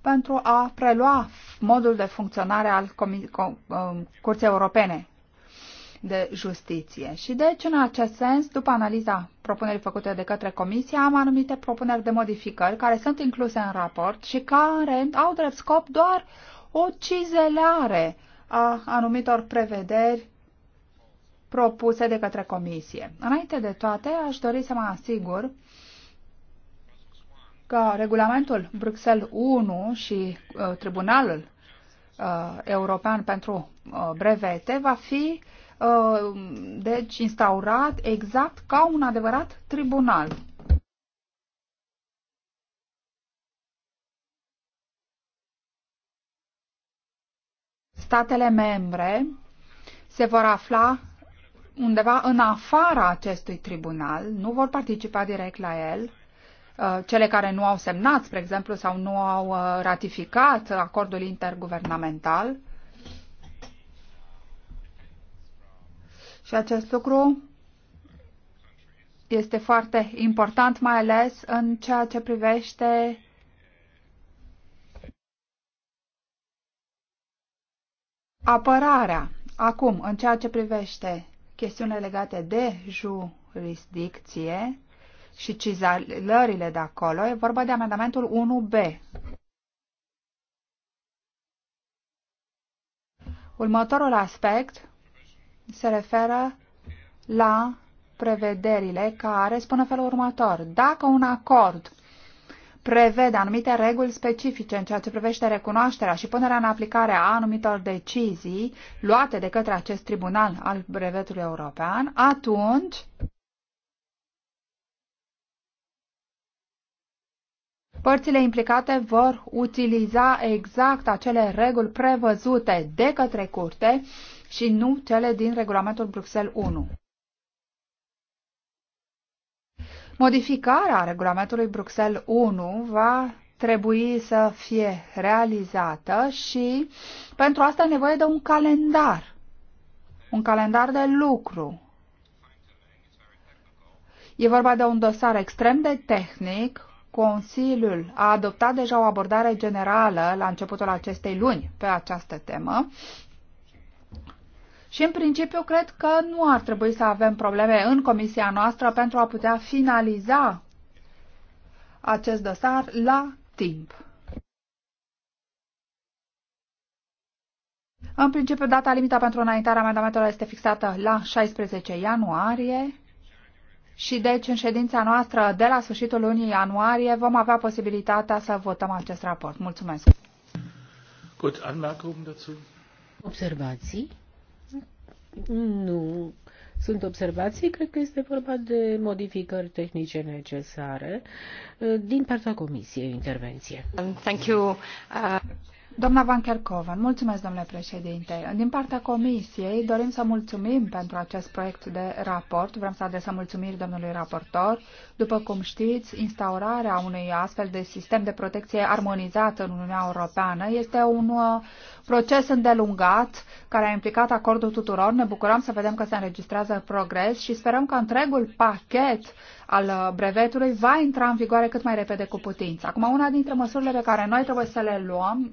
pentru a prelua modul de funcționare al um, Curții Europene de Justiție. Și deci, în acest sens, după analiza propunerii făcute de către Comisie, am anumite propuneri de modificări care sunt incluse în raport și care au drept scop doar o cizelare a anumitor prevederi propuse de către Comisie. Înainte de toate, aș dori să mă asigur că regulamentul Bruxelles 1 și uh, Tribunalul uh, European pentru uh, Brevete va fi uh, deci instaurat exact ca un adevărat tribunal. Statele membre se vor afla undeva în afara acestui tribunal, nu vor participa direct la el, Uh, cele care nu au semnat, spre exemplu, sau nu au uh, ratificat acordul interguvernamental. Și acest lucru este foarte important, mai ales în ceea ce privește apărarea. Acum, în ceea ce privește chestiunile legate de jurisdicție, și cizalările de acolo, e vorba de amendamentul 1B. Următorul aspect se referă la prevederile care spună felul următor. Dacă un acord prevede anumite reguli specifice în ceea ce privește recunoașterea și punerea în aplicare a anumitor decizii luate de către acest tribunal al brevetului european, atunci Părțile implicate vor utiliza exact acele reguli prevăzute de către curte și nu cele din regulamentul Bruxelles 1. Modificarea regulamentului Bruxelles 1 va trebui să fie realizată și pentru asta e nevoie de un calendar, un calendar de lucru. E vorba de un dosar extrem de tehnic, Consiliul a adoptat deja o abordare generală la începutul acestei luni pe această temă și, în principiu, cred că nu ar trebui să avem probleme în comisia noastră pentru a putea finaliza acest dosar la timp. În principiu, data limită pentru înaintarea amendamentelor este fixată la 16 ianuarie și deci în ședința noastră de la sfârșitul lunii ianuarie vom avea posibilitatea să votăm acest raport. Mulțumesc. Gut, dazu?
Observații? Nu. Sunt observații, cred că este vorba de modificări tehnice necesare uh, din partea Comisiei intervenție.
Um, thank you. Uh... Doamna Van Kerkhoven, mulțumesc, domnule președinte. Din partea Comisiei dorim să mulțumim pentru acest proiect de raport. Vrem să adresăm mulțumiri domnului raportor. După cum știți, instaurarea unui astfel de sistem de protecție armonizat în Uniunea Europeană este un, uh, proces îndelungat care a implicat acordul tuturor. Ne bucurăm să vedem că se înregistrează progres și sperăm că întregul pachet al brevetului va intra în vigoare cât mai repede cu putință. Acum, una dintre măsurile pe care noi trebuie să le luăm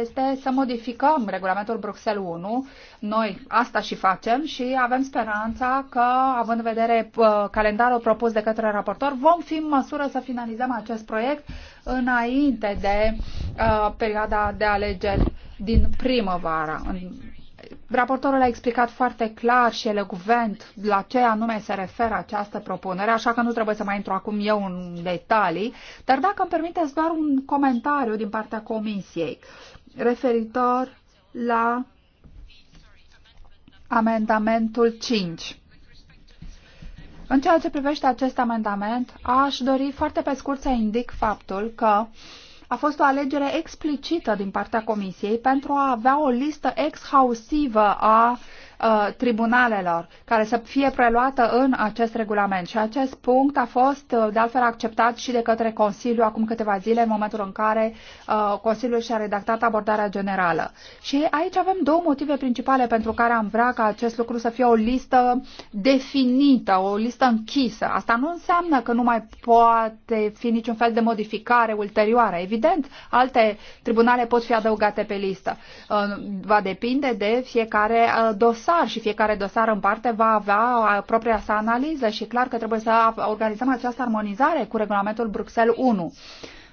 este să modificăm regulamentul Bruxelles 1. Noi asta și facem și avem speranța că, având în vedere uh, calendarul propus de către raportor, vom fi în măsură să finalizăm acest proiect înainte de uh, perioada de alegeri din primăvară. Raportorul a explicat foarte clar și elegvent la ce anume se referă această propunere, așa că nu trebuie să mai intru acum eu în detalii, dar dacă îmi permiteți doar un comentariu din partea Comisiei referitor la amendamentul 5. În ceea ce privește acest amendament, aș dori foarte pe scurt să indic faptul că uh, a fost o alegere explicită din partea Comisiei pentru a avea o listă exhaustivă a Uh, tribunalelor, care să fie preluată în acest regulament. Și acest punct a fost, uh, de altfel, acceptat și de către Consiliu acum câteva zile, în momentul în care uh, Consiliul și-a redactat abordarea generală. Și aici avem două motive principale pentru care am vrea ca acest lucru să fie o listă definită, o listă închisă. Asta nu înseamnă că nu mai poate fi niciun fel de modificare ulterioară. Evident, alte tribunale pot fi adăugate pe listă. Va depinde de fiecare dosar dosar și fiecare dosar în parte va avea propria sa analiză și clar că trebuie să organizăm această armonizare cu regulamentul Bruxelles 1.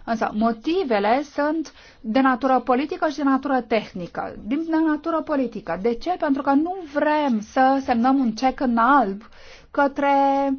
Însă motivele sunt de natură politică și de natură tehnică. Din de natură politică. De ce? Pentru că nu vrem să semnăm un cec în alb către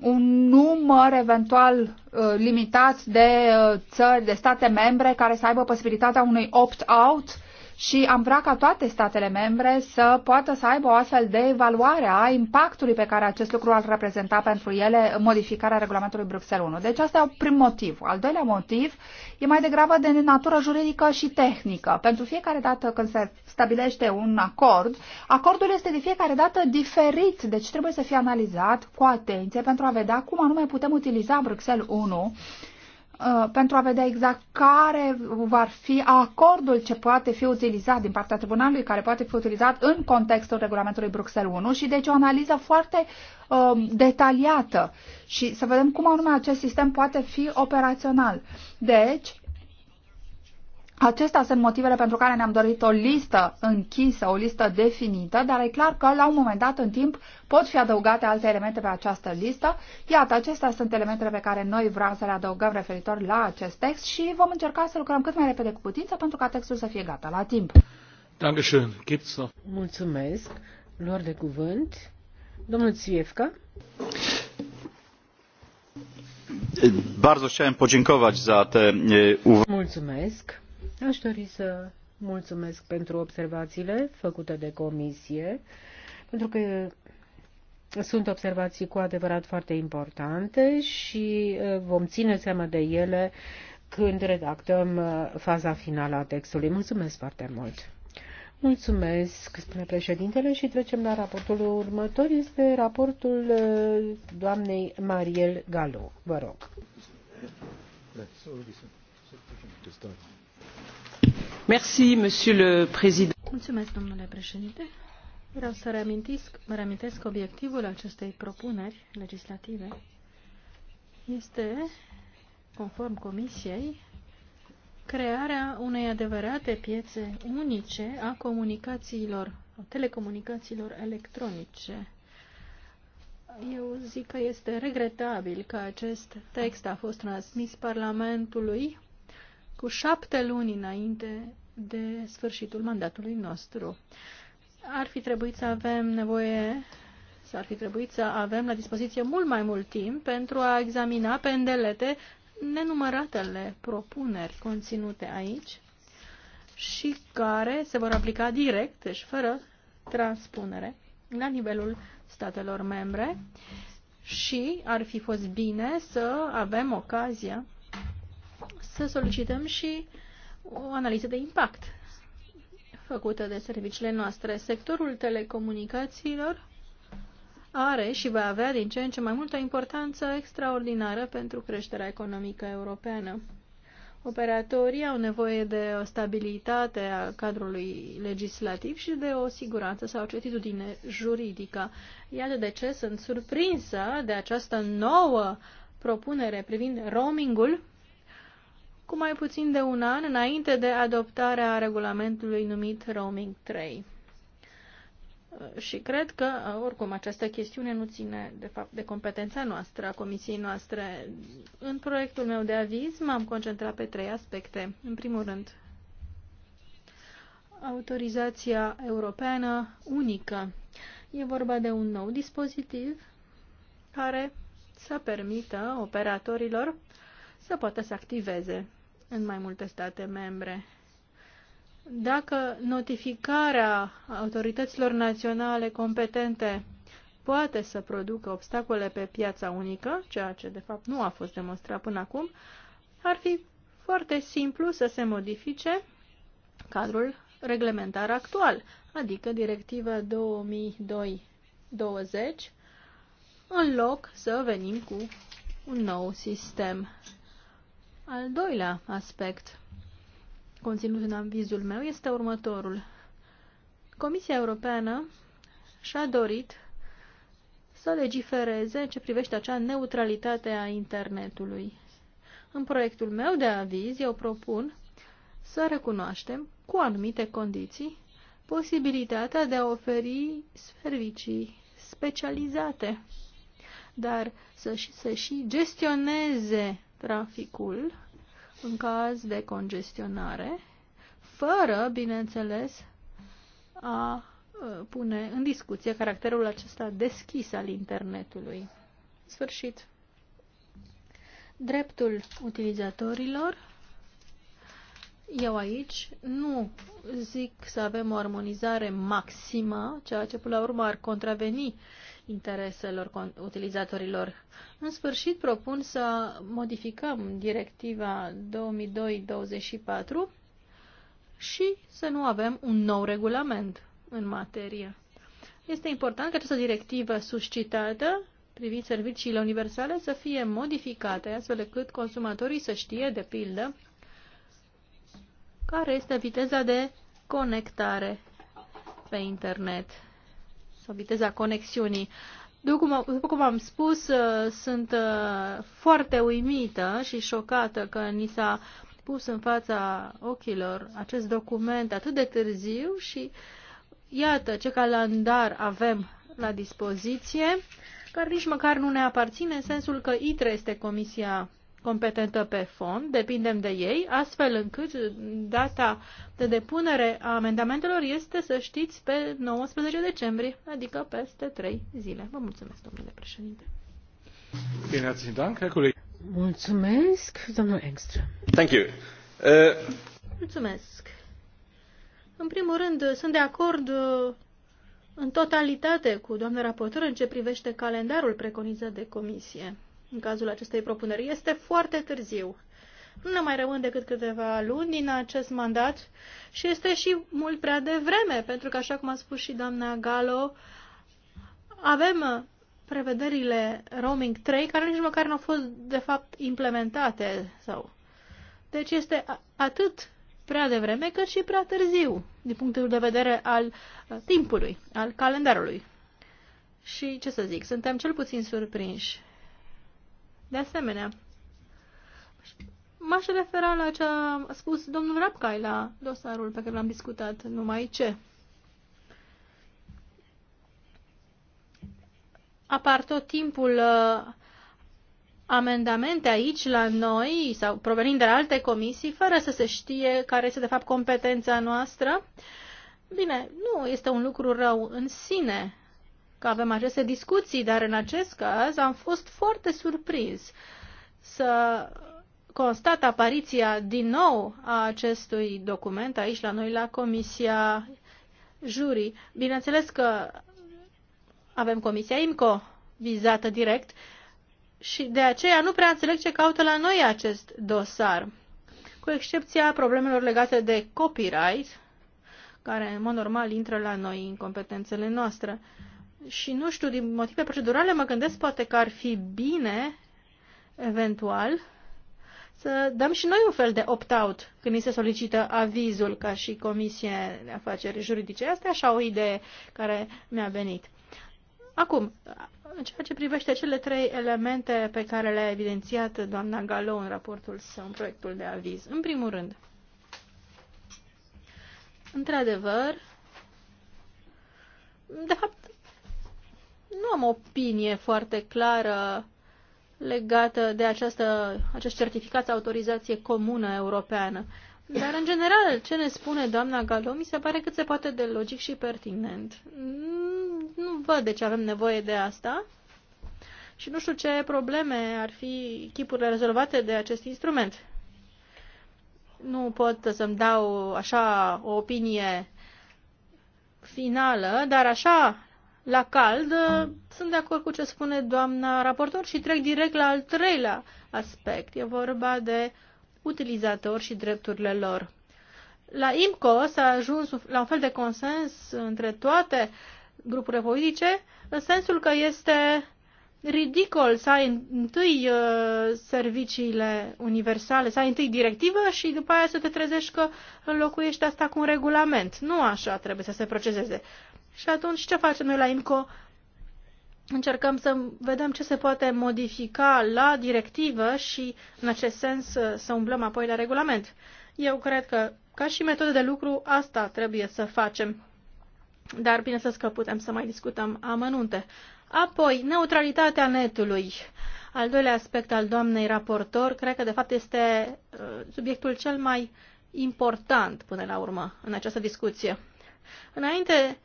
un număr eventual uh, limitat de uh, țări, de state membre care să aibă posibilitatea unui opt-out și am vrea ca toate statele membre să poată să aibă o astfel de evaluare a impactului pe care acest lucru ar reprezenta pentru ele modificarea regulamentului Bruxelles 1. Deci asta e prim motiv. Al doilea motiv e mai degrabă de natură juridică și tehnică. Pentru fiecare dată când se stabilește un acord, acordul este de fiecare dată diferit, deci trebuie să fie analizat cu atenție pentru a vedea cum anume putem utiliza Bruxelles 1 Uh, pentru a vedea exact care va fi acordul ce poate fi utilizat din partea tribunalului, care poate fi utilizat în contextul regulamentului Bruxelles 1 și deci o analiză foarte uh, detaliată și să vedem cum anume acest sistem poate fi operațional. Deci, Acestea sunt motivele pentru care ne-am dorit o listă închisă, o listă definită, dar e clar că la un moment dat în timp pot fi adăugate alte elemente pe această listă. Iată, acestea sunt elementele pe care noi vrem să le adăugăm referitor la acest text și vom încerca să lucrăm cât mai repede cu putință pentru ca textul să fie gata la timp. Mulțumesc. Luar de cuvânt. Domnul Țiefca. Bardzo chciałem podziękować za te uwagi.
Mulțumesc. Aș dori să mulțumesc pentru observațiile făcute de comisie, pentru că sunt observații cu adevărat foarte importante și uh, vom ține seama de ele când redactăm uh, faza finală a textului. Mulțumesc foarte mult! Mulțumesc, spune președintele, și trecem la raportul următor. Este raportul uh, doamnei Mariel Galo. Vă rog. Da, Vreau
să reamintesc, că obiectivul acestei propuneri legislative. Este, conform Comisiei, crearea unei adevărate piețe unice a comunicațiilor, a telecomunicațiilor electronice. Eu zic că este regretabil că acest text a fost transmis Parlamentului cu șapte luni înainte de sfârșitul mandatului nostru. Ar fi trebuit să avem nevoie să ar fi trebuit să avem la dispoziție mult mai mult timp pentru a examina pe îndelete nenumăratele propuneri conținute aici și care se vor aplica direct, deci fără transpunere, la nivelul statelor membre și ar fi fost bine să avem ocazia să solicităm și o analiză de impact făcută de serviciile noastre. Sectorul telecomunicațiilor are și va avea din ce în ce mai multă importanță extraordinară pentru creșterea economică europeană. Operatorii au nevoie de o stabilitate a cadrului legislativ și de o siguranță sau o certitudine juridică. Iată de ce sunt surprinsă de această nouă propunere privind roamingul cu mai puțin de un an înainte de adoptarea regulamentului numit Roaming 3. Și cred că, oricum, această chestiune nu ține, de fapt, de competența noastră, a comisiei noastre. În proiectul meu de aviz m-am concentrat pe trei aspecte. În primul rând, autorizația europeană unică. E vorba de un nou dispozitiv care să permită operatorilor să poată să activeze în mai multe state membre. Dacă notificarea autorităților naționale competente poate să producă obstacole pe piața unică, ceea ce de fapt nu a fost demonstrat până acum, ar fi foarte simplu să se modifice cadrul reglementar actual, adică directiva 2020, în loc să venim cu un nou sistem al doilea aspect conținut în avizul meu este următorul. Comisia Europeană și-a dorit să legifereze ce privește acea neutralitate a internetului. În proiectul meu de aviz, eu propun să recunoaștem, cu anumite condiții, posibilitatea de a oferi servicii specializate, dar să și, să și gestioneze traficul în caz de congestionare, fără, bineînțeles, a uh, pune în discuție caracterul acesta deschis al internetului. Sfârșit. Dreptul utilizatorilor. Eu aici nu zic să avem o armonizare maximă, ceea ce până la urmă ar contraveni uh, intereselor utilizatorilor. În sfârșit, propun să modificăm directiva 2002-24 și să nu avem un nou regulament în materie. Este important că această directivă suscitată privind serviciile universale să fie modificate, astfel încât consumatorii să știe, de pildă, care este viteza de conectare pe internet sau viteza conexiunii. După cum am spus, uh, sunt uh, foarte uimită și șocată că ni s-a pus în fața ochilor acest document atât de târziu și iată ce calendar avem la dispoziție, care nici măcar nu ne aparține în sensul că ITRE este comisia competentă pe fond, depindem de ei, astfel încât data de depunere a amendamentelor este, să știți, pe 19 decembrie, adică peste 3 zile. Vă mulțumesc, domnule președinte.
Bine ați Mulțumesc, domnul Engström. Thank you. Uh...
Mulțumesc. În primul rând, sunt de acord uh, în totalitate cu doamna raportor în ce privește calendarul preconizat de comisie în cazul acestei propuneri. Este foarte târziu. Nu ne mai rămân decât câteva luni din acest mandat și este și mult prea devreme, pentru că, așa cum a spus și doamna Galo, avem prevederile roaming 3, care nici măcar nu au fost, de fapt, implementate. sau. Deci este atât prea devreme cât și prea târziu, din punctul de vedere al timpului, al calendarului. Și ce să zic, suntem cel puțin surprinși. De asemenea, m-aș refera la ce a spus domnul Rapcai la dosarul pe care l-am discutat, numai ce. Apar tot timpul uh, amendamente aici la noi sau provenind de la alte comisii fără să se știe care este de fapt competența noastră. Bine, nu este un lucru rău în sine, că avem aceste discuții, dar în acest caz am fost foarte surprins să constat apariția din nou a acestui document aici la noi la Comisia Jurii. Bineînțeles că avem Comisia IMCO vizată direct și de aceea nu prea înțeleg ce caută la noi acest dosar. Cu excepția problemelor legate de copyright, care în mod normal intră la noi în competențele noastre. Uh, și nu știu, din motive procedurale mă gândesc poate că ar fi bine, eventual, să dăm și noi un fel de opt-out când ni se solicită avizul ca și Comisie de Afaceri Juridice. Asta e așa o idee care mi-a venit. Acum, în ceea ce privește cele trei elemente pe care le-a evidențiat doamna Galo în raportul său, în proiectul de aviz. În primul rând, într-adevăr, de fapt, am o opinie foarte clară legată de această, acest certificat sau autorizație comună europeană. Dar, în general, ce ne spune doamna Galo mi se pare cât se poate de logic și pertinent. Nu văd de ce avem nevoie de asta și nu știu ce probleme ar fi chipurile rezolvate de acest instrument. Nu pot să-mi dau așa o opinie finală, dar așa, la cald, uh, sunt de acord cu ce spune doamna raportor și trec direct la al treilea aspect. E vorba de utilizatori și drepturile lor. La IMCO s-a ajuns la un fel de consens între toate grupurile politice, în sensul că este ridicol să ai întâi uh, serviciile universale, să ai întâi directivă și după aia să te trezești că înlocuiești asta cu un regulament. Nu așa trebuie să se proceseze. Și atunci ce facem noi la IMCO? Încercăm să vedem ce se poate modifica la directivă și, în acest sens, să umblăm apoi la regulament. Eu cred că, ca și metodă de lucru, asta trebuie să facem. Dar, bineînțeles că putem să mai discutăm amănunte. Apoi, neutralitatea netului. Al doilea aspect al doamnei raportor, cred că, de fapt, este uh, subiectul cel mai important, până la urmă, în această discuție. Înainte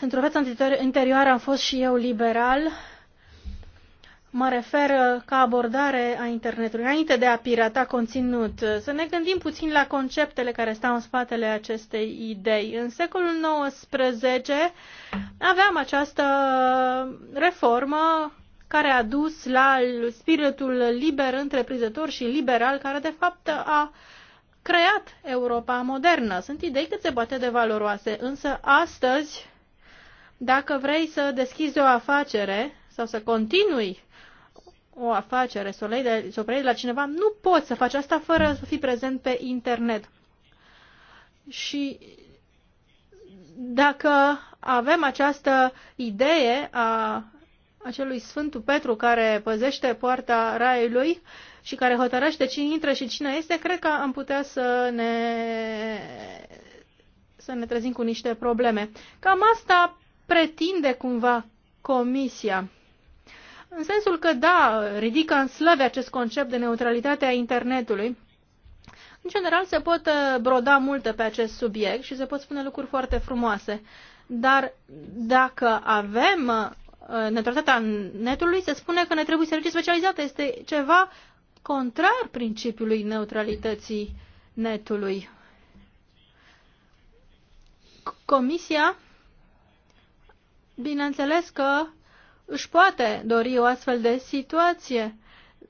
Într-o viață anterioară am fost și eu liberal. Mă refer uh, ca abordare a internetului, înainte de a pirata conținut, uh, să ne gândim puțin la conceptele care stau în spatele acestei idei. În secolul XIX aveam această reformă care a dus la spiritul liber, întreprinzător și liberal, care de fapt a creat Europa modernă. Sunt idei cât se poate de valoroase, însă astăzi dacă vrei să deschizi o afacere sau să continui o afacere, să o, de, să o de la cineva, nu poți să faci asta fără să fii prezent pe internet. Și dacă avem această idee a acelui Sfântul Petru care păzește poarta Raiului și care hotărăște cine intră și cine este, cred că am putea să ne, să ne trezim cu niște probleme. Cam asta pretinde cumva Comisia? În sensul că, da, ridică în slăve acest concept de neutralitate a internetului. În general, se pot uh, broda multe pe acest subiect și se pot spune lucruri foarte frumoase. Dar dacă avem uh, neutralitatea netului, se spune că ne trebuie servicii specializate. Este ceva contrar principiului neutralității netului. Comisia bineînțeles că își poate dori o astfel de situație,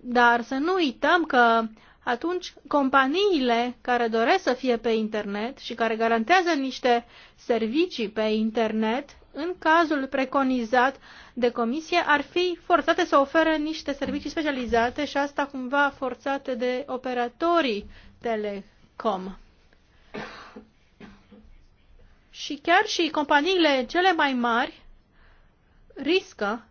dar să nu uităm că atunci companiile care doresc să fie pe internet și care garantează niște servicii pe internet, în cazul preconizat de comisie, ar fi forțate să ofere niște servicii specializate și asta cumva forțate de operatorii telecom. Și chiar și companiile cele mai mari riscă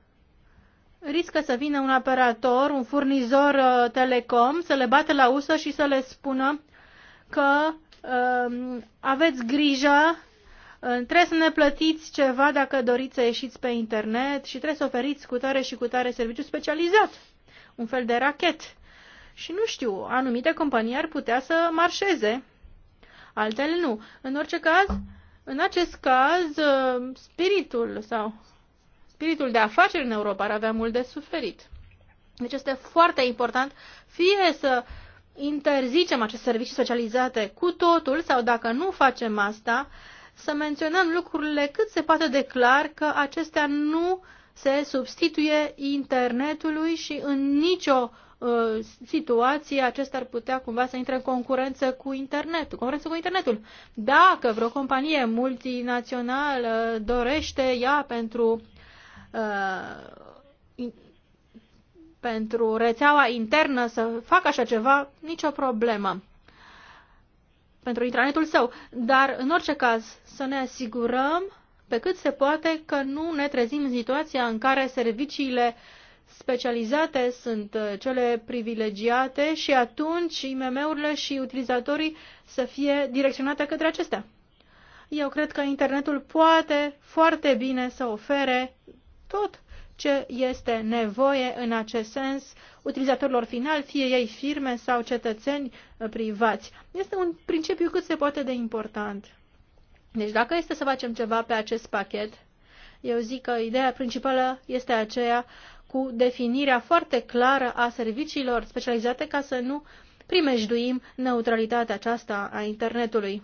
riscă să vină un operator, un furnizor uh, telecom, să le bată la usă și să le spună că uh, aveți grijă, uh, trebuie să ne plătiți ceva dacă doriți să ieșiți pe internet și trebuie să oferiți cu tare și cu tare serviciu specializat, un fel de rachet. Și nu știu, anumite companii ar putea să marșeze, altele nu. În orice caz, în acest caz, uh, spiritul sau spiritul de afaceri în Europa ar avea mult de suferit. Deci este foarte important fie să interzicem aceste servicii socializate cu totul sau dacă nu facem asta, să menționăm lucrurile cât se poate de clar că acestea nu se substituie internetului și în nicio uh, situație acestea ar putea cumva să intre în concurență cu internetul, concurență cu internetul. Dacă vreo companie multinațională dorește ea pentru Uh, pentru rețeaua internă să facă așa ceva, nicio problemă pentru intranetul său. Dar, în orice caz, să ne asigurăm pe cât se poate că nu ne trezim în situația în care serviciile specializate sunt uh, cele privilegiate și atunci IMM-urile și utilizatorii să fie direcționate către acestea. Eu cred că internetul poate foarte bine să ofere tot ce este nevoie în acest sens utilizatorilor finali, fie ei firme sau cetățeni uh, privați. Este un principiu cât se poate de important. Deci dacă este să facem ceva pe acest pachet, eu zic că ideea principală este aceea cu definirea foarte clară a serviciilor specializate ca să nu primejduim neutralitatea aceasta a internetului.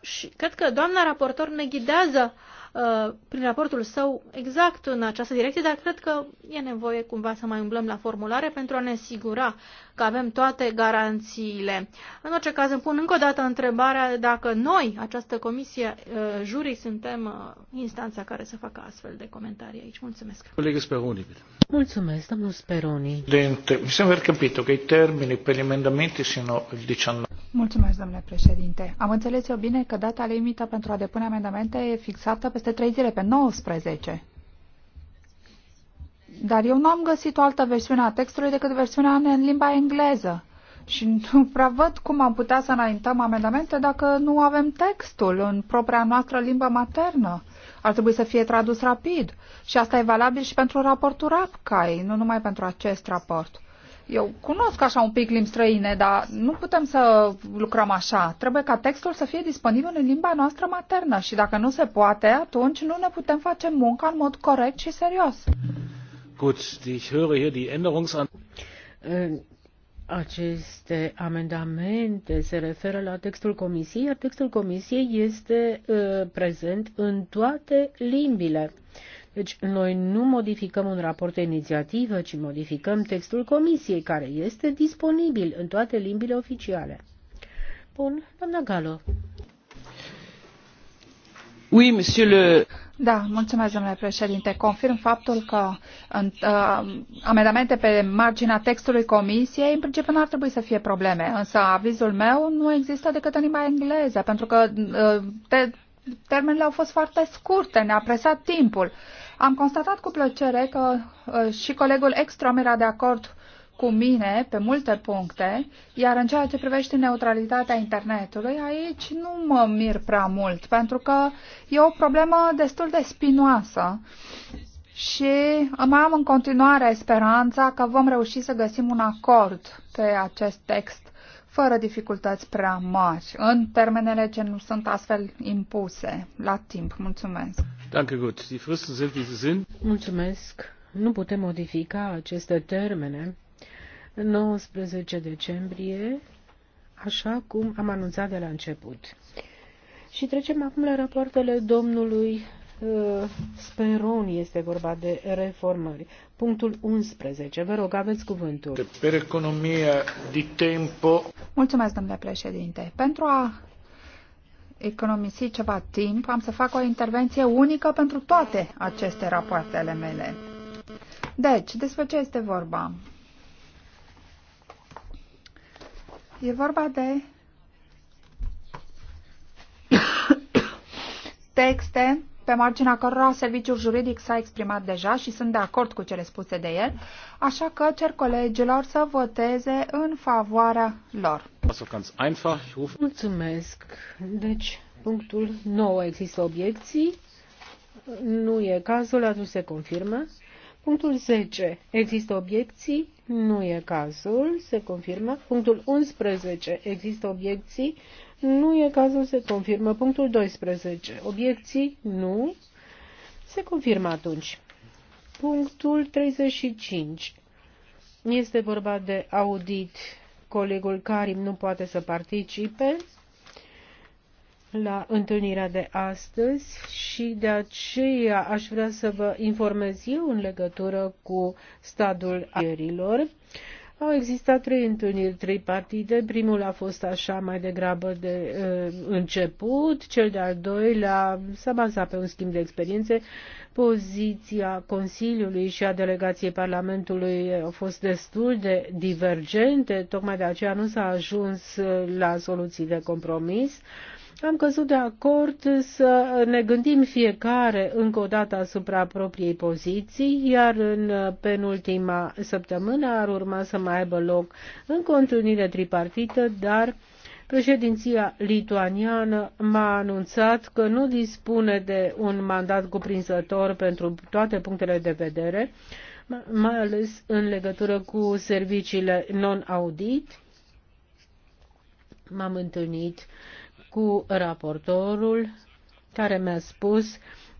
Și cred că doamna raportor ne ghidează uh, Uh, prin raportul său exact în această direcție, dar cred că e nevoie cumva să mai umblăm la formulare pentru a ne asigura că avem toate garanțiile. În orice caz îmi pun încă o dată întrebarea dacă noi, această comisie uh, jurii, suntem uh, instanța care să facă astfel de comentarii aici. Mulțumesc.
Colegă Speroni, Mulțumesc, domnul Speroni. Presidente, mi sembra capito că i termini per gli emendamenti siano
il 19.
Mulțumesc, domnule președinte. Am înțeles eu bine că data limită pentru a depune amendamente e fixată peste 3 zile, pe 19. Dar eu nu am găsit o altă versiune a textului decât versiunea în limba engleză. Și nu prea văd cum am putea să înaintăm amendamente dacă nu avem textul în propria noastră limbă maternă. Ar trebui să fie tradus rapid. Și asta e valabil și pentru raportul RAPCAI, nu numai pentru acest raport. Eu cunosc așa un pic limbi străine, dar nu putem să lucrăm așa. Trebuie ca textul să fie disponibil în limba noastră maternă și dacă nu se poate, atunci nu ne putem face munca în mod corect și serios.
Aceste amendamente se referă la textul comisiei, iar textul comisiei este uh, prezent în toate limbile. Deci noi nu modificăm un raport de inițiativă, ci modificăm textul comisiei, care este disponibil în toate limbile oficiale.
Bun, doamna Galo. Da, mulțumesc, domnule președinte. Confirm faptul că în, uh, amendamente pe marginea textului comisiei, în principiu, nu ar trebui să fie probleme, însă avizul meu nu există decât în limba engleză, pentru că uh, te, termenele au fost foarte scurte, ne-a presat timpul. Am constatat cu plăcere că uh, și colegul Extrom era de acord cu mine pe multe puncte, iar în ceea ce privește neutralitatea internetului, aici nu mă mir prea mult, pentru că e o problemă destul de spinoasă și mai am în continuare speranța că vom reuși să găsim un acord pe acest text fără dificultăți prea mari, în termenele ce nu sunt astfel impuse, la timp. Mulțumesc.
Danke gut. Die Fristen sind, wie sie sind.
Mulțumesc. Nu putem
modifica aceste termene. 19 decembrie, așa cum am anunțat de la început. Și trecem acum la rapoartele domnului uh, Speron este vorba de reformări. Punctul
11. Vă rog, aveți cuvântul.
Per economia de tempo.
Mulțumesc, domnule președinte. Pentru a economisi ceva timp, am să fac o intervenție unică pentru toate aceste rapoartele mele. Deci, despre ce este vorba? E vorba de texte pe marginea cărora serviciul juridic s-a exprimat deja și sunt de acord cu cele spuse de el, așa că cer colegilor să voteze în favoarea lor.
Mulțumesc. Deci, punctul 9 există obiecții. Nu e cazul, atunci se confirmă. Punctul 10. Există obiecții? Nu e cazul, se confirmă. Punctul 11. Există obiecții? Nu e cazul, se confirmă. Punctul 12. Obiecții? Nu. Se confirmă atunci. Punctul 35. Este vorba de audit. Colegul Karim nu poate să participe, la întâlnirea de astăzi și de aceea aș vrea să vă informez eu în legătură cu stadul aerilor. Au existat trei întâlniri, trei partide. Primul a fost așa mai degrabă de e, uh, început, cel de-al doilea s-a bazat pe un schimb de experiențe. Poziția Consiliului și a delegației Parlamentului a fost destul de divergente, tocmai de aceea nu s-a ajuns la soluții de compromis am căzut de acord să ne gândim fiecare încă o dată asupra propriei poziții, iar în penultima săptămână ar urma să mai aibă loc încă o întâlnire tripartită, dar președinția lituaniană m-a anunțat că nu dispune de un mandat cuprinzător pentru toate punctele de vedere, mai ales în legătură cu serviciile non-audit. M-am întâlnit uh, cu raportorul care mi-a spus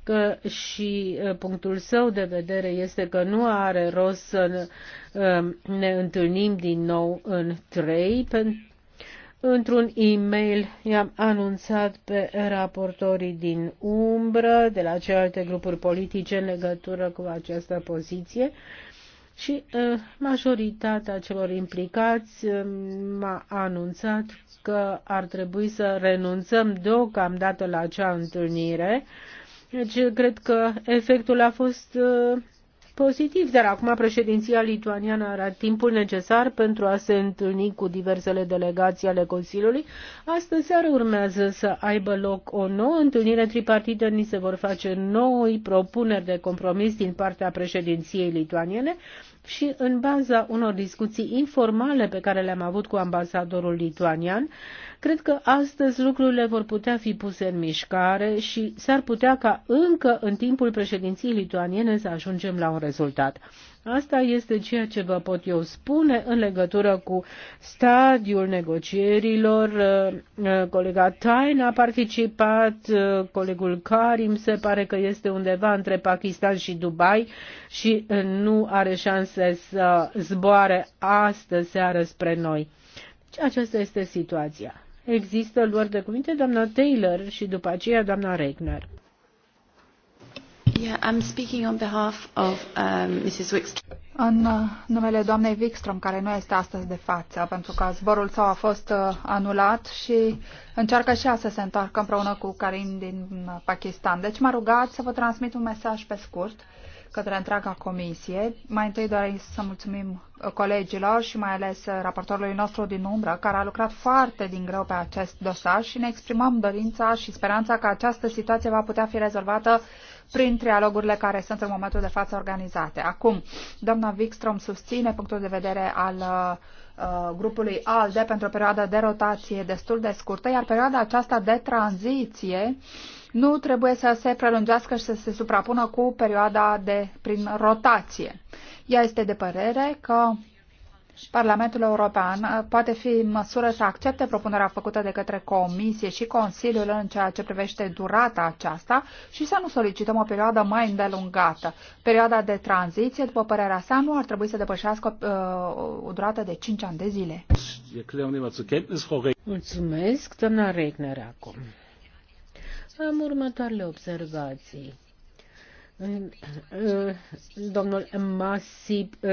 că și uh, punctul său de vedere este că nu are rost să uh, ne întâlnim din nou în trei. Într-un e-mail i-am anunțat pe raportorii din umbră de la celelalte grupuri politice în legătură cu această poziție și uh, majoritatea celor implicați uh, m-a anunțat că ar trebui să renunțăm deocamdată la acea întâlnire. Deci, cred că efectul a fost uh, pozitiv, dar acum președinția lituaniană are timpul necesar pentru a se întâlni cu diversele delegații ale Consiliului. Astăzi seară urmează să aibă loc o nouă întâlnire tripartită, ni se vor face noi propuneri de compromis din partea președinției lituaniene și în baza unor discuții informale pe care le-am avut cu ambasadorul lituanian, Cred că astăzi lucrurile vor putea fi puse în mișcare și s-ar putea ca încă în timpul președinției lituaniene să ajungem la un rezultat. Asta este ceea ce vă pot eu spune în legătură cu stadiul negocierilor. Uh, uh, colega Tain a participat, uh, colegul Karim se pare că este undeva între Pakistan și Dubai și nu are șanse să zboare astă seară spre noi. Aceasta este situația. Există luări de cuvinte doamna Taylor și după aceea doamna Regner.
Yeah, I'm speaking on behalf of um, Mrs. Wickstrom. În uh, numele doamnei Wickstrom, care nu este astăzi de față, pentru că zborul său a fost uh, anulat și încearcă și ea să se întoarcă împreună cu Karim din uh, Pakistan. Deci m-a rugat să vă transmit un mesaj pe scurt. Uh, către întreaga comisie. Mai întâi doresc să mulțumim uh, colegilor și mai ales uh, raportorului nostru din umbră, care a lucrat foarte din greu pe acest dosar și ne exprimăm dorința și speranța că această situație va putea fi rezolvată prin trialogurile care sunt în momentul de față organizate. Acum, doamna Wikstrom susține punctul de vedere al uh, grupului ALDE pentru o perioadă de rotație destul de scurtă, iar perioada aceasta de tranziție uh, nu trebuie să se prelungească și să se suprapună cu perioada de prin rotație. Ea este de părere că Parlamentul European uh, poate fi în măsură să accepte propunerea făcută de către Comisie și Consiliul în ceea ce privește durata aceasta și să nu solicităm o perioadă mai îndelungată. Perioada de tranziție, după părerea sa, nu ar trebui să depășească uh, o durată de 5 ani de zile.
Mulțumesc, doamna Regner, acum.
Am următoarele
observații. Domnul Masip, ă,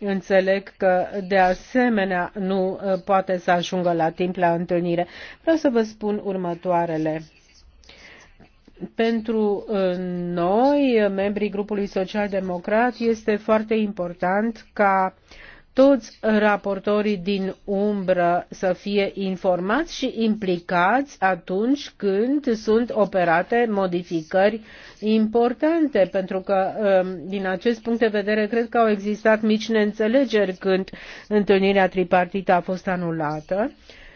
înțeleg că de asemenea nu ă, poate să ajungă la timp la întâlnire. Vreau să vă spun următoarele. Pentru ă, noi, membrii grupului social-democrat, este foarte important ca uh, toți raportorii din umbră să fie informați și implicați atunci când sunt operate modificări importante, pentru că um, din acest punct de vedere cred că au existat mici neînțelegeri când întâlnirea tripartită a fost anulată.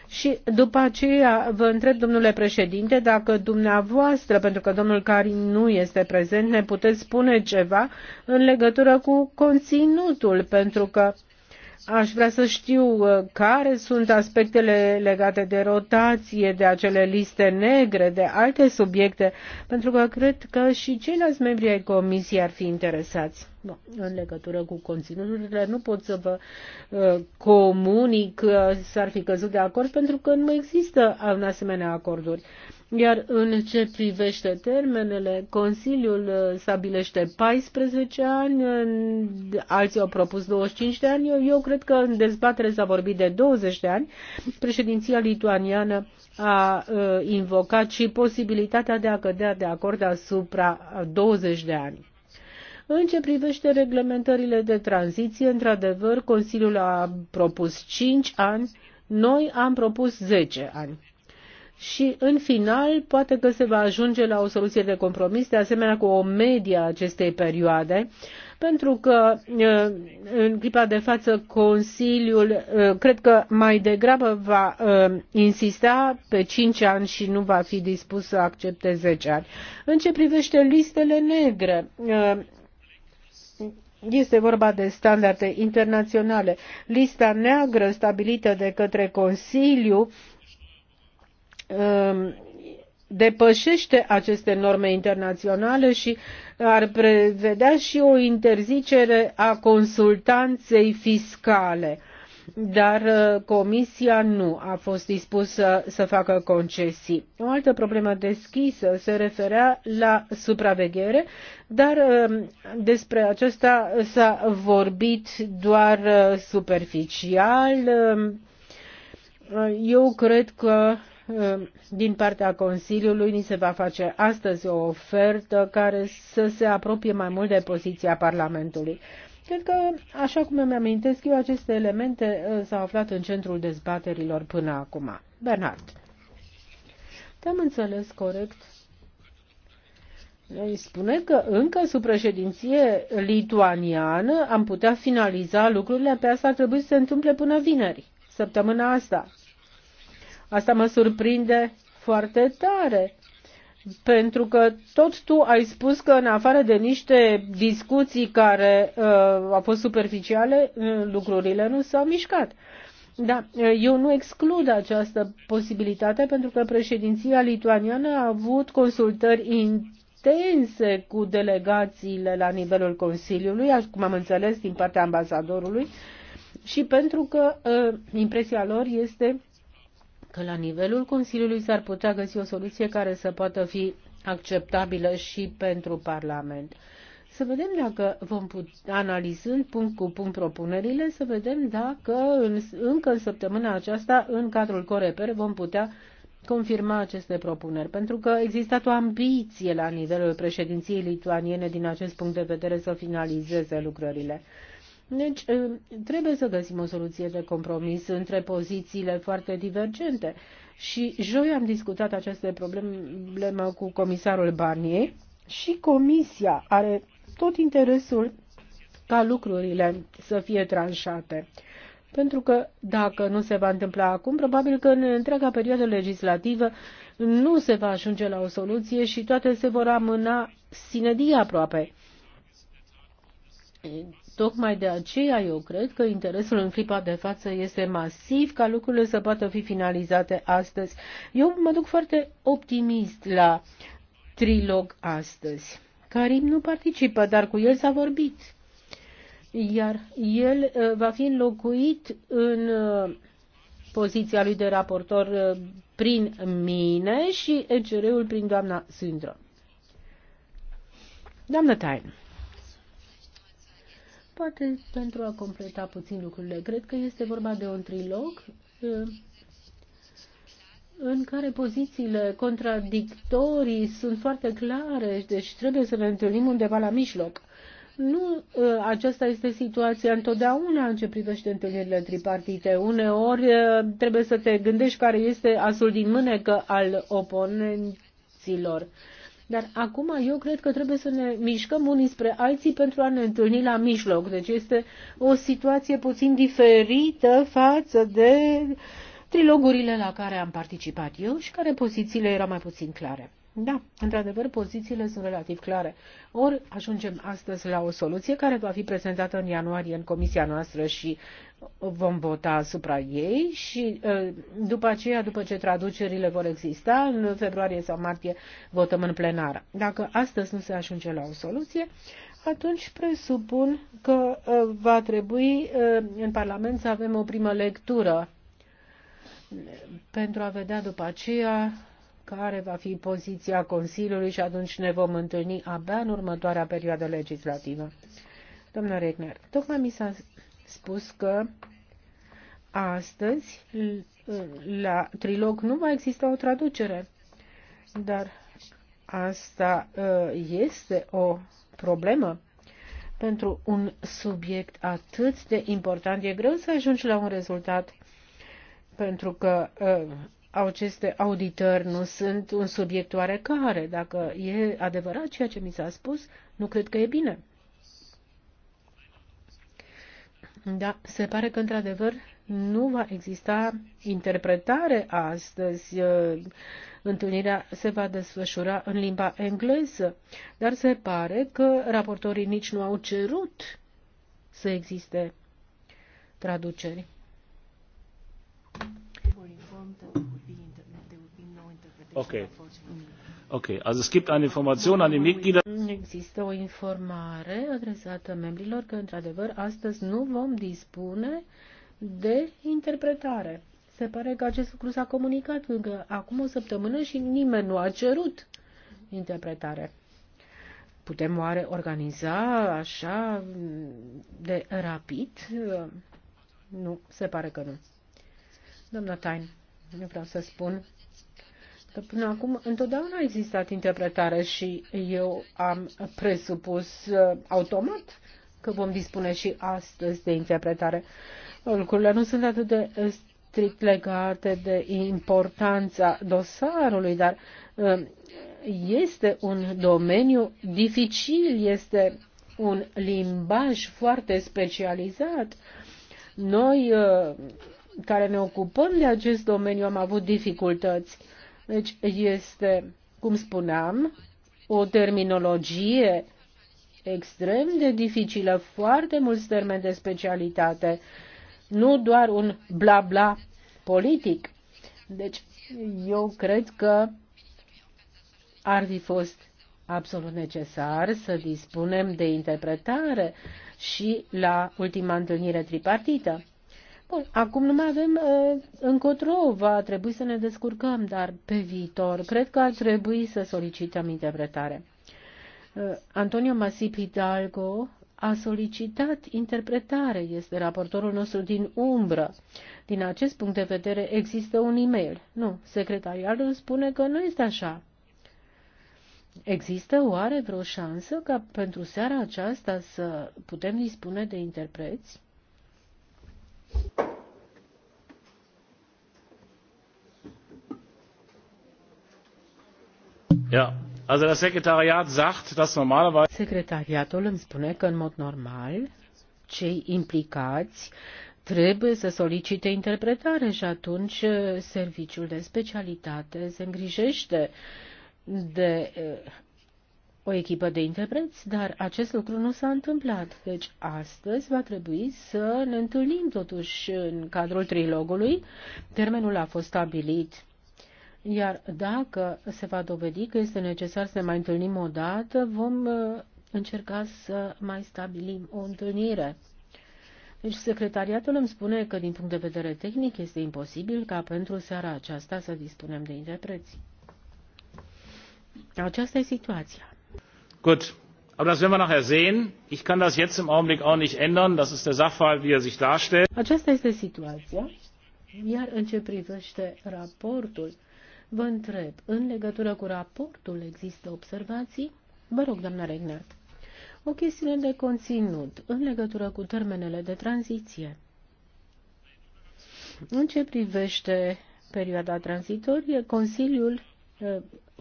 Și după aceea vă întreb, domnule președinte, dacă dumneavoastră, pentru că domnul Carin nu este prezent, ne puteți spune ceva în legătură cu conținutul, pentru că Aș vrea să știu uh, care sunt aspectele legate de rotație, de acele liste negre, de alte subiecte, pentru că cred că și ceilalți membri ai comisiei ar fi interesați. Bun. În legătură cu conținuturile, nu pot să vă uh, comunic, uh, s-ar fi căzut de acord, pentru că nu există în asemenea acorduri. Uh, iar în ce privește termenele, Consiliul uh, stabilește 14 ani, alții au propus 25 de ani, eu, eu cred că în dezbatere s-a vorbit de 20 de ani. Președinția lituaniană a uh, invocat și posibilitatea de a cădea de acord asupra 20 de ani. În ce privește reglementările de tranziție, într-adevăr, Consiliul a propus 5 ani, noi am propus 10 ani și în final poate că se va ajunge la o soluție de compromis, de asemenea cu o medie a acestei perioade, pentru că în clipa de față Consiliul cred că mai degrabă va insista pe 5 ani și nu va fi dispus să accepte 10 ani. În ce privește listele negre, este vorba de standarde internaționale. Lista neagră stabilită de către Consiliu Um, depășește aceste norme internaționale și ar prevedea și o interzicere a consultanței fiscale. Dar uh, Comisia nu a fost dispusă să facă concesii. O altă problemă deschisă se referea la supraveghere, dar um, despre aceasta s-a vorbit doar uh, superficial. Um, eu cred că Ehm, din partea Consiliului ni se va face astăzi o ofertă care să se apropie mai mult de poziția Parlamentului. Cred că, așa cum îmi amintesc eu, aceste elemente eh, s-au aflat în centrul dezbaterilor până acum. Bernard. Te-am înțeles corect? Îi spune că încă sub președinție lituaniană am putea finaliza lucrurile pe asta ar trebui să se întâmple până vineri, săptămâna asta. Asta mă surprinde foarte tare. Pentru că tot tu ai spus că în afară de niște discuții care uh, au fost superficiale, uh, lucrurile nu s-au mișcat. Da, uh, eu nu exclud această posibilitate pentru că președinția lituaniană a avut consultări intense cu delegațiile la nivelul Consiliului, așa cum am înțeles din partea ambasadorului, și pentru că uh, impresia lor este că la nivelul Consiliului s-ar putea găsi o soluție care să poată fi acceptabilă și pentru Parlament. Să vedem dacă vom putea, analizând punct cu punct propunerile, să vedem dacă în, încă în săptămâna aceasta, în cadrul Coreper, vom putea confirma aceste propuneri, pentru că există o ambiție la nivelul președinției lituaniene din acest punct de vedere să finalizeze lucrările. Deci ă, trebuie să găsim o soluție de compromis între pozițiile foarte divergente. Și joi am discutat aceste probleme cu comisarul Barnier și comisia are tot interesul ca lucrurile să fie tranșate. Pentru că dacă nu se va întâmpla acum, probabil că în întreaga perioadă legislativă nu se va ajunge la o soluție și toate se vor amâna sinedii aproape. Tocmai de aceea eu cred că interesul în clipa de față este masiv ca lucrurile să poată fi finalizate astăzi. Eu mă duc foarte optimist la trilog astăzi. Karim nu participă, dar cu el s-a vorbit. Iar el uh, va fi înlocuit în uh, poziția lui de raportor uh, prin mine și ECR-ul prin doamna Sindro. Doamnă Tain. Poate pentru a completa puțin lucrurile, cred că este vorba de un trilog eh, în care pozițiile contradictorii sunt foarte clare, deci trebuie să ne întâlnim undeva la mijloc. Nu, eh, aceasta este situația întotdeauna în ce privește întâlnirile tripartite. Uneori eh, trebuie să te gândești care este asul din mânecă al oponenților. Dar acum eu cred că trebuie să ne mișcăm unii spre alții pentru a ne întâlni la mijloc. Deci este o situație puțin diferită față de trilogurile la care am participat eu și care pozițiile erau mai puțin clare. Da, într-adevăr, pozițiile sunt relativ clare. Ori ajungem astăzi la o soluție care va fi prezentată în ianuarie în comisia noastră și vom vota asupra ei și ă, după aceea, după ce traducerile vor exista, în februarie sau martie votăm în plenar. Dacă astăzi nu se ajunge la o soluție, atunci presupun că ă, va trebui ă, în Parlament să avem o primă lectură pentru a vedea după aceea care va fi poziția Consiliului și atunci ne vom întâlni abia în următoarea perioadă legislativă. Domnul Regner, tocmai mi s-a spus că astăzi la trilog nu va exista o traducere, dar asta uh, este o problemă. Pentru un subiect atât de important e greu să ajungi la un rezultat pentru că uh, aceste auditări nu sunt un subiect oarecare. Dacă e adevărat ceea ce mi s-a spus, nu cred că e bine. Da, se pare că, într-adevăr, nu va exista interpretare astăzi. Întâlnirea se va desfășura în limba engleză, dar se pare că raportorii nici nu au cerut să existe traduceri.
Ok. Also es gibt eine Information an die Mitglieder.
Există o informare adresată membrilor că într-adevăr astăzi nu vom dispune de interpretare. Se pare că acest lucru s-a comunicat încă acum o săptămână și nimeni nu a cerut interpretare. Putem oare organiza așa de rapid? Nu, se pare că nu. Doamna Tain, nu vreau să spun că până acum întotdeauna a existat interpretare și eu am presupus uh, automat că vom dispune și astăzi de interpretare. Lucrurile nu sunt atât de strict legate de importanța dosarului, dar uh, este un domeniu dificil, este un limbaj foarte specializat. Noi uh, care ne ocupăm de acest domeniu am avut dificultăți. Deci este, cum spuneam, o terminologie extrem de dificilă, foarte mulți termeni de specialitate, nu doar un bla bla politic. Deci eu cred că ar fi fost absolut necesar să dispunem de interpretare și la ultima întâlnire tripartită. Bun, acum nu mai avem uh, încotro, va trebui să ne descurcăm, dar pe viitor cred că ar trebui să solicităm interpretare. Uh, Antonio Masip Hidalgo a solicitat interpretare, este raportorul nostru din umbră. Din acest punct de vedere există un e-mail. Nu, secretariatul spune că nu este așa. Există oare vreo șansă ca pentru seara aceasta să putem dispune de interpreți? Secretariatul îmi spune că în mod normal cei implicați trebuie să solicite interpretare și atunci uh, serviciul de specialitate se îngrijește de uh, o echipă de interpreți, dar acest lucru nu s-a întâmplat. Deci astăzi va trebui să ne întâlnim totuși în cadrul trilogului. Termenul a fost stabilit. Iar dacă se va dovedi că este necesar să ne mai întâlnim o dată, vom uh, încerca să mai stabilim o întâlnire. Deci secretariatul îmi spune că din punct de vedere tehnic este imposibil ca pentru seara aceasta să dispunem de interpreți. Aceasta e situația gut aber das werden wir nachher sehen. ich kann das jetzt im augenblick auch nicht ändern. das ist der sachverhalt wie er sich darstellt. aceasta este situația. Iar în ce privește raportul, vă întreb, în legătură cu raportul există observații? Vă rog, doamna Regnat. O chestiune de conținut în legătură cu termenele de tranziție. În ce privește perioada tranzitorie, Consiliul eh,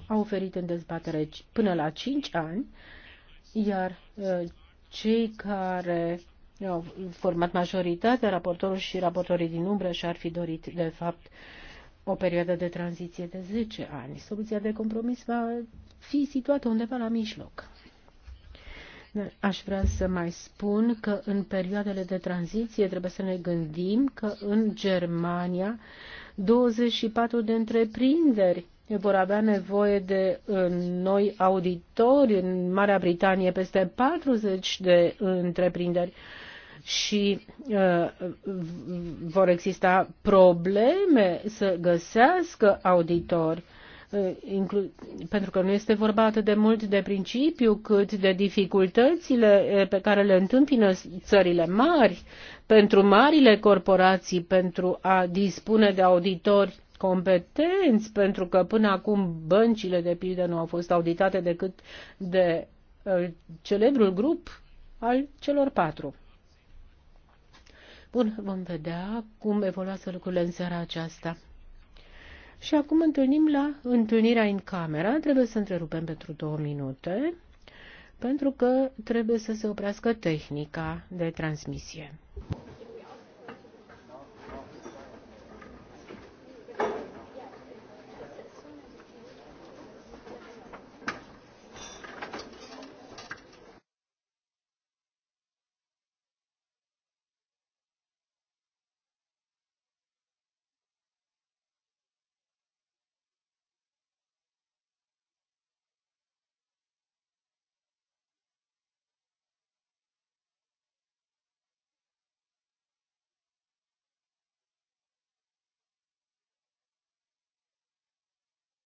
a oferit în dezbatere până la 5 ani, iar uh, cei care au format majoritatea, raportorul și raportorii din umbră și-ar fi dorit, de fapt, o perioadă de tranziție de 10 ani. Soluția de compromis va fi situată undeva la mijloc. Aș vrea să mai spun că în perioadele de tranziție trebuie să ne gândim că în Germania 24 de întreprinderi vor avea nevoie de uh, noi auditori în Marea Britanie, peste 40 de întreprinderi și uh, vor exista probleme să găsească auditori, uh, Inclu- pentru că nu este vorba atât de mult de principiu cât de dificultățile pe care le întâmpină țările mari pentru marile corporații pentru a dispune de auditori competenți, pentru că până acum băncile de pildă nu au fost auditate decât de uh, celebrul grup al celor patru. Bun, vom vedea cum evoluează lucrurile în seara aceasta. Și acum întâlnim la întâlnirea în camera. Trebuie să întrerupem pentru două minute, pentru că trebuie să se oprească tehnica de transmisie.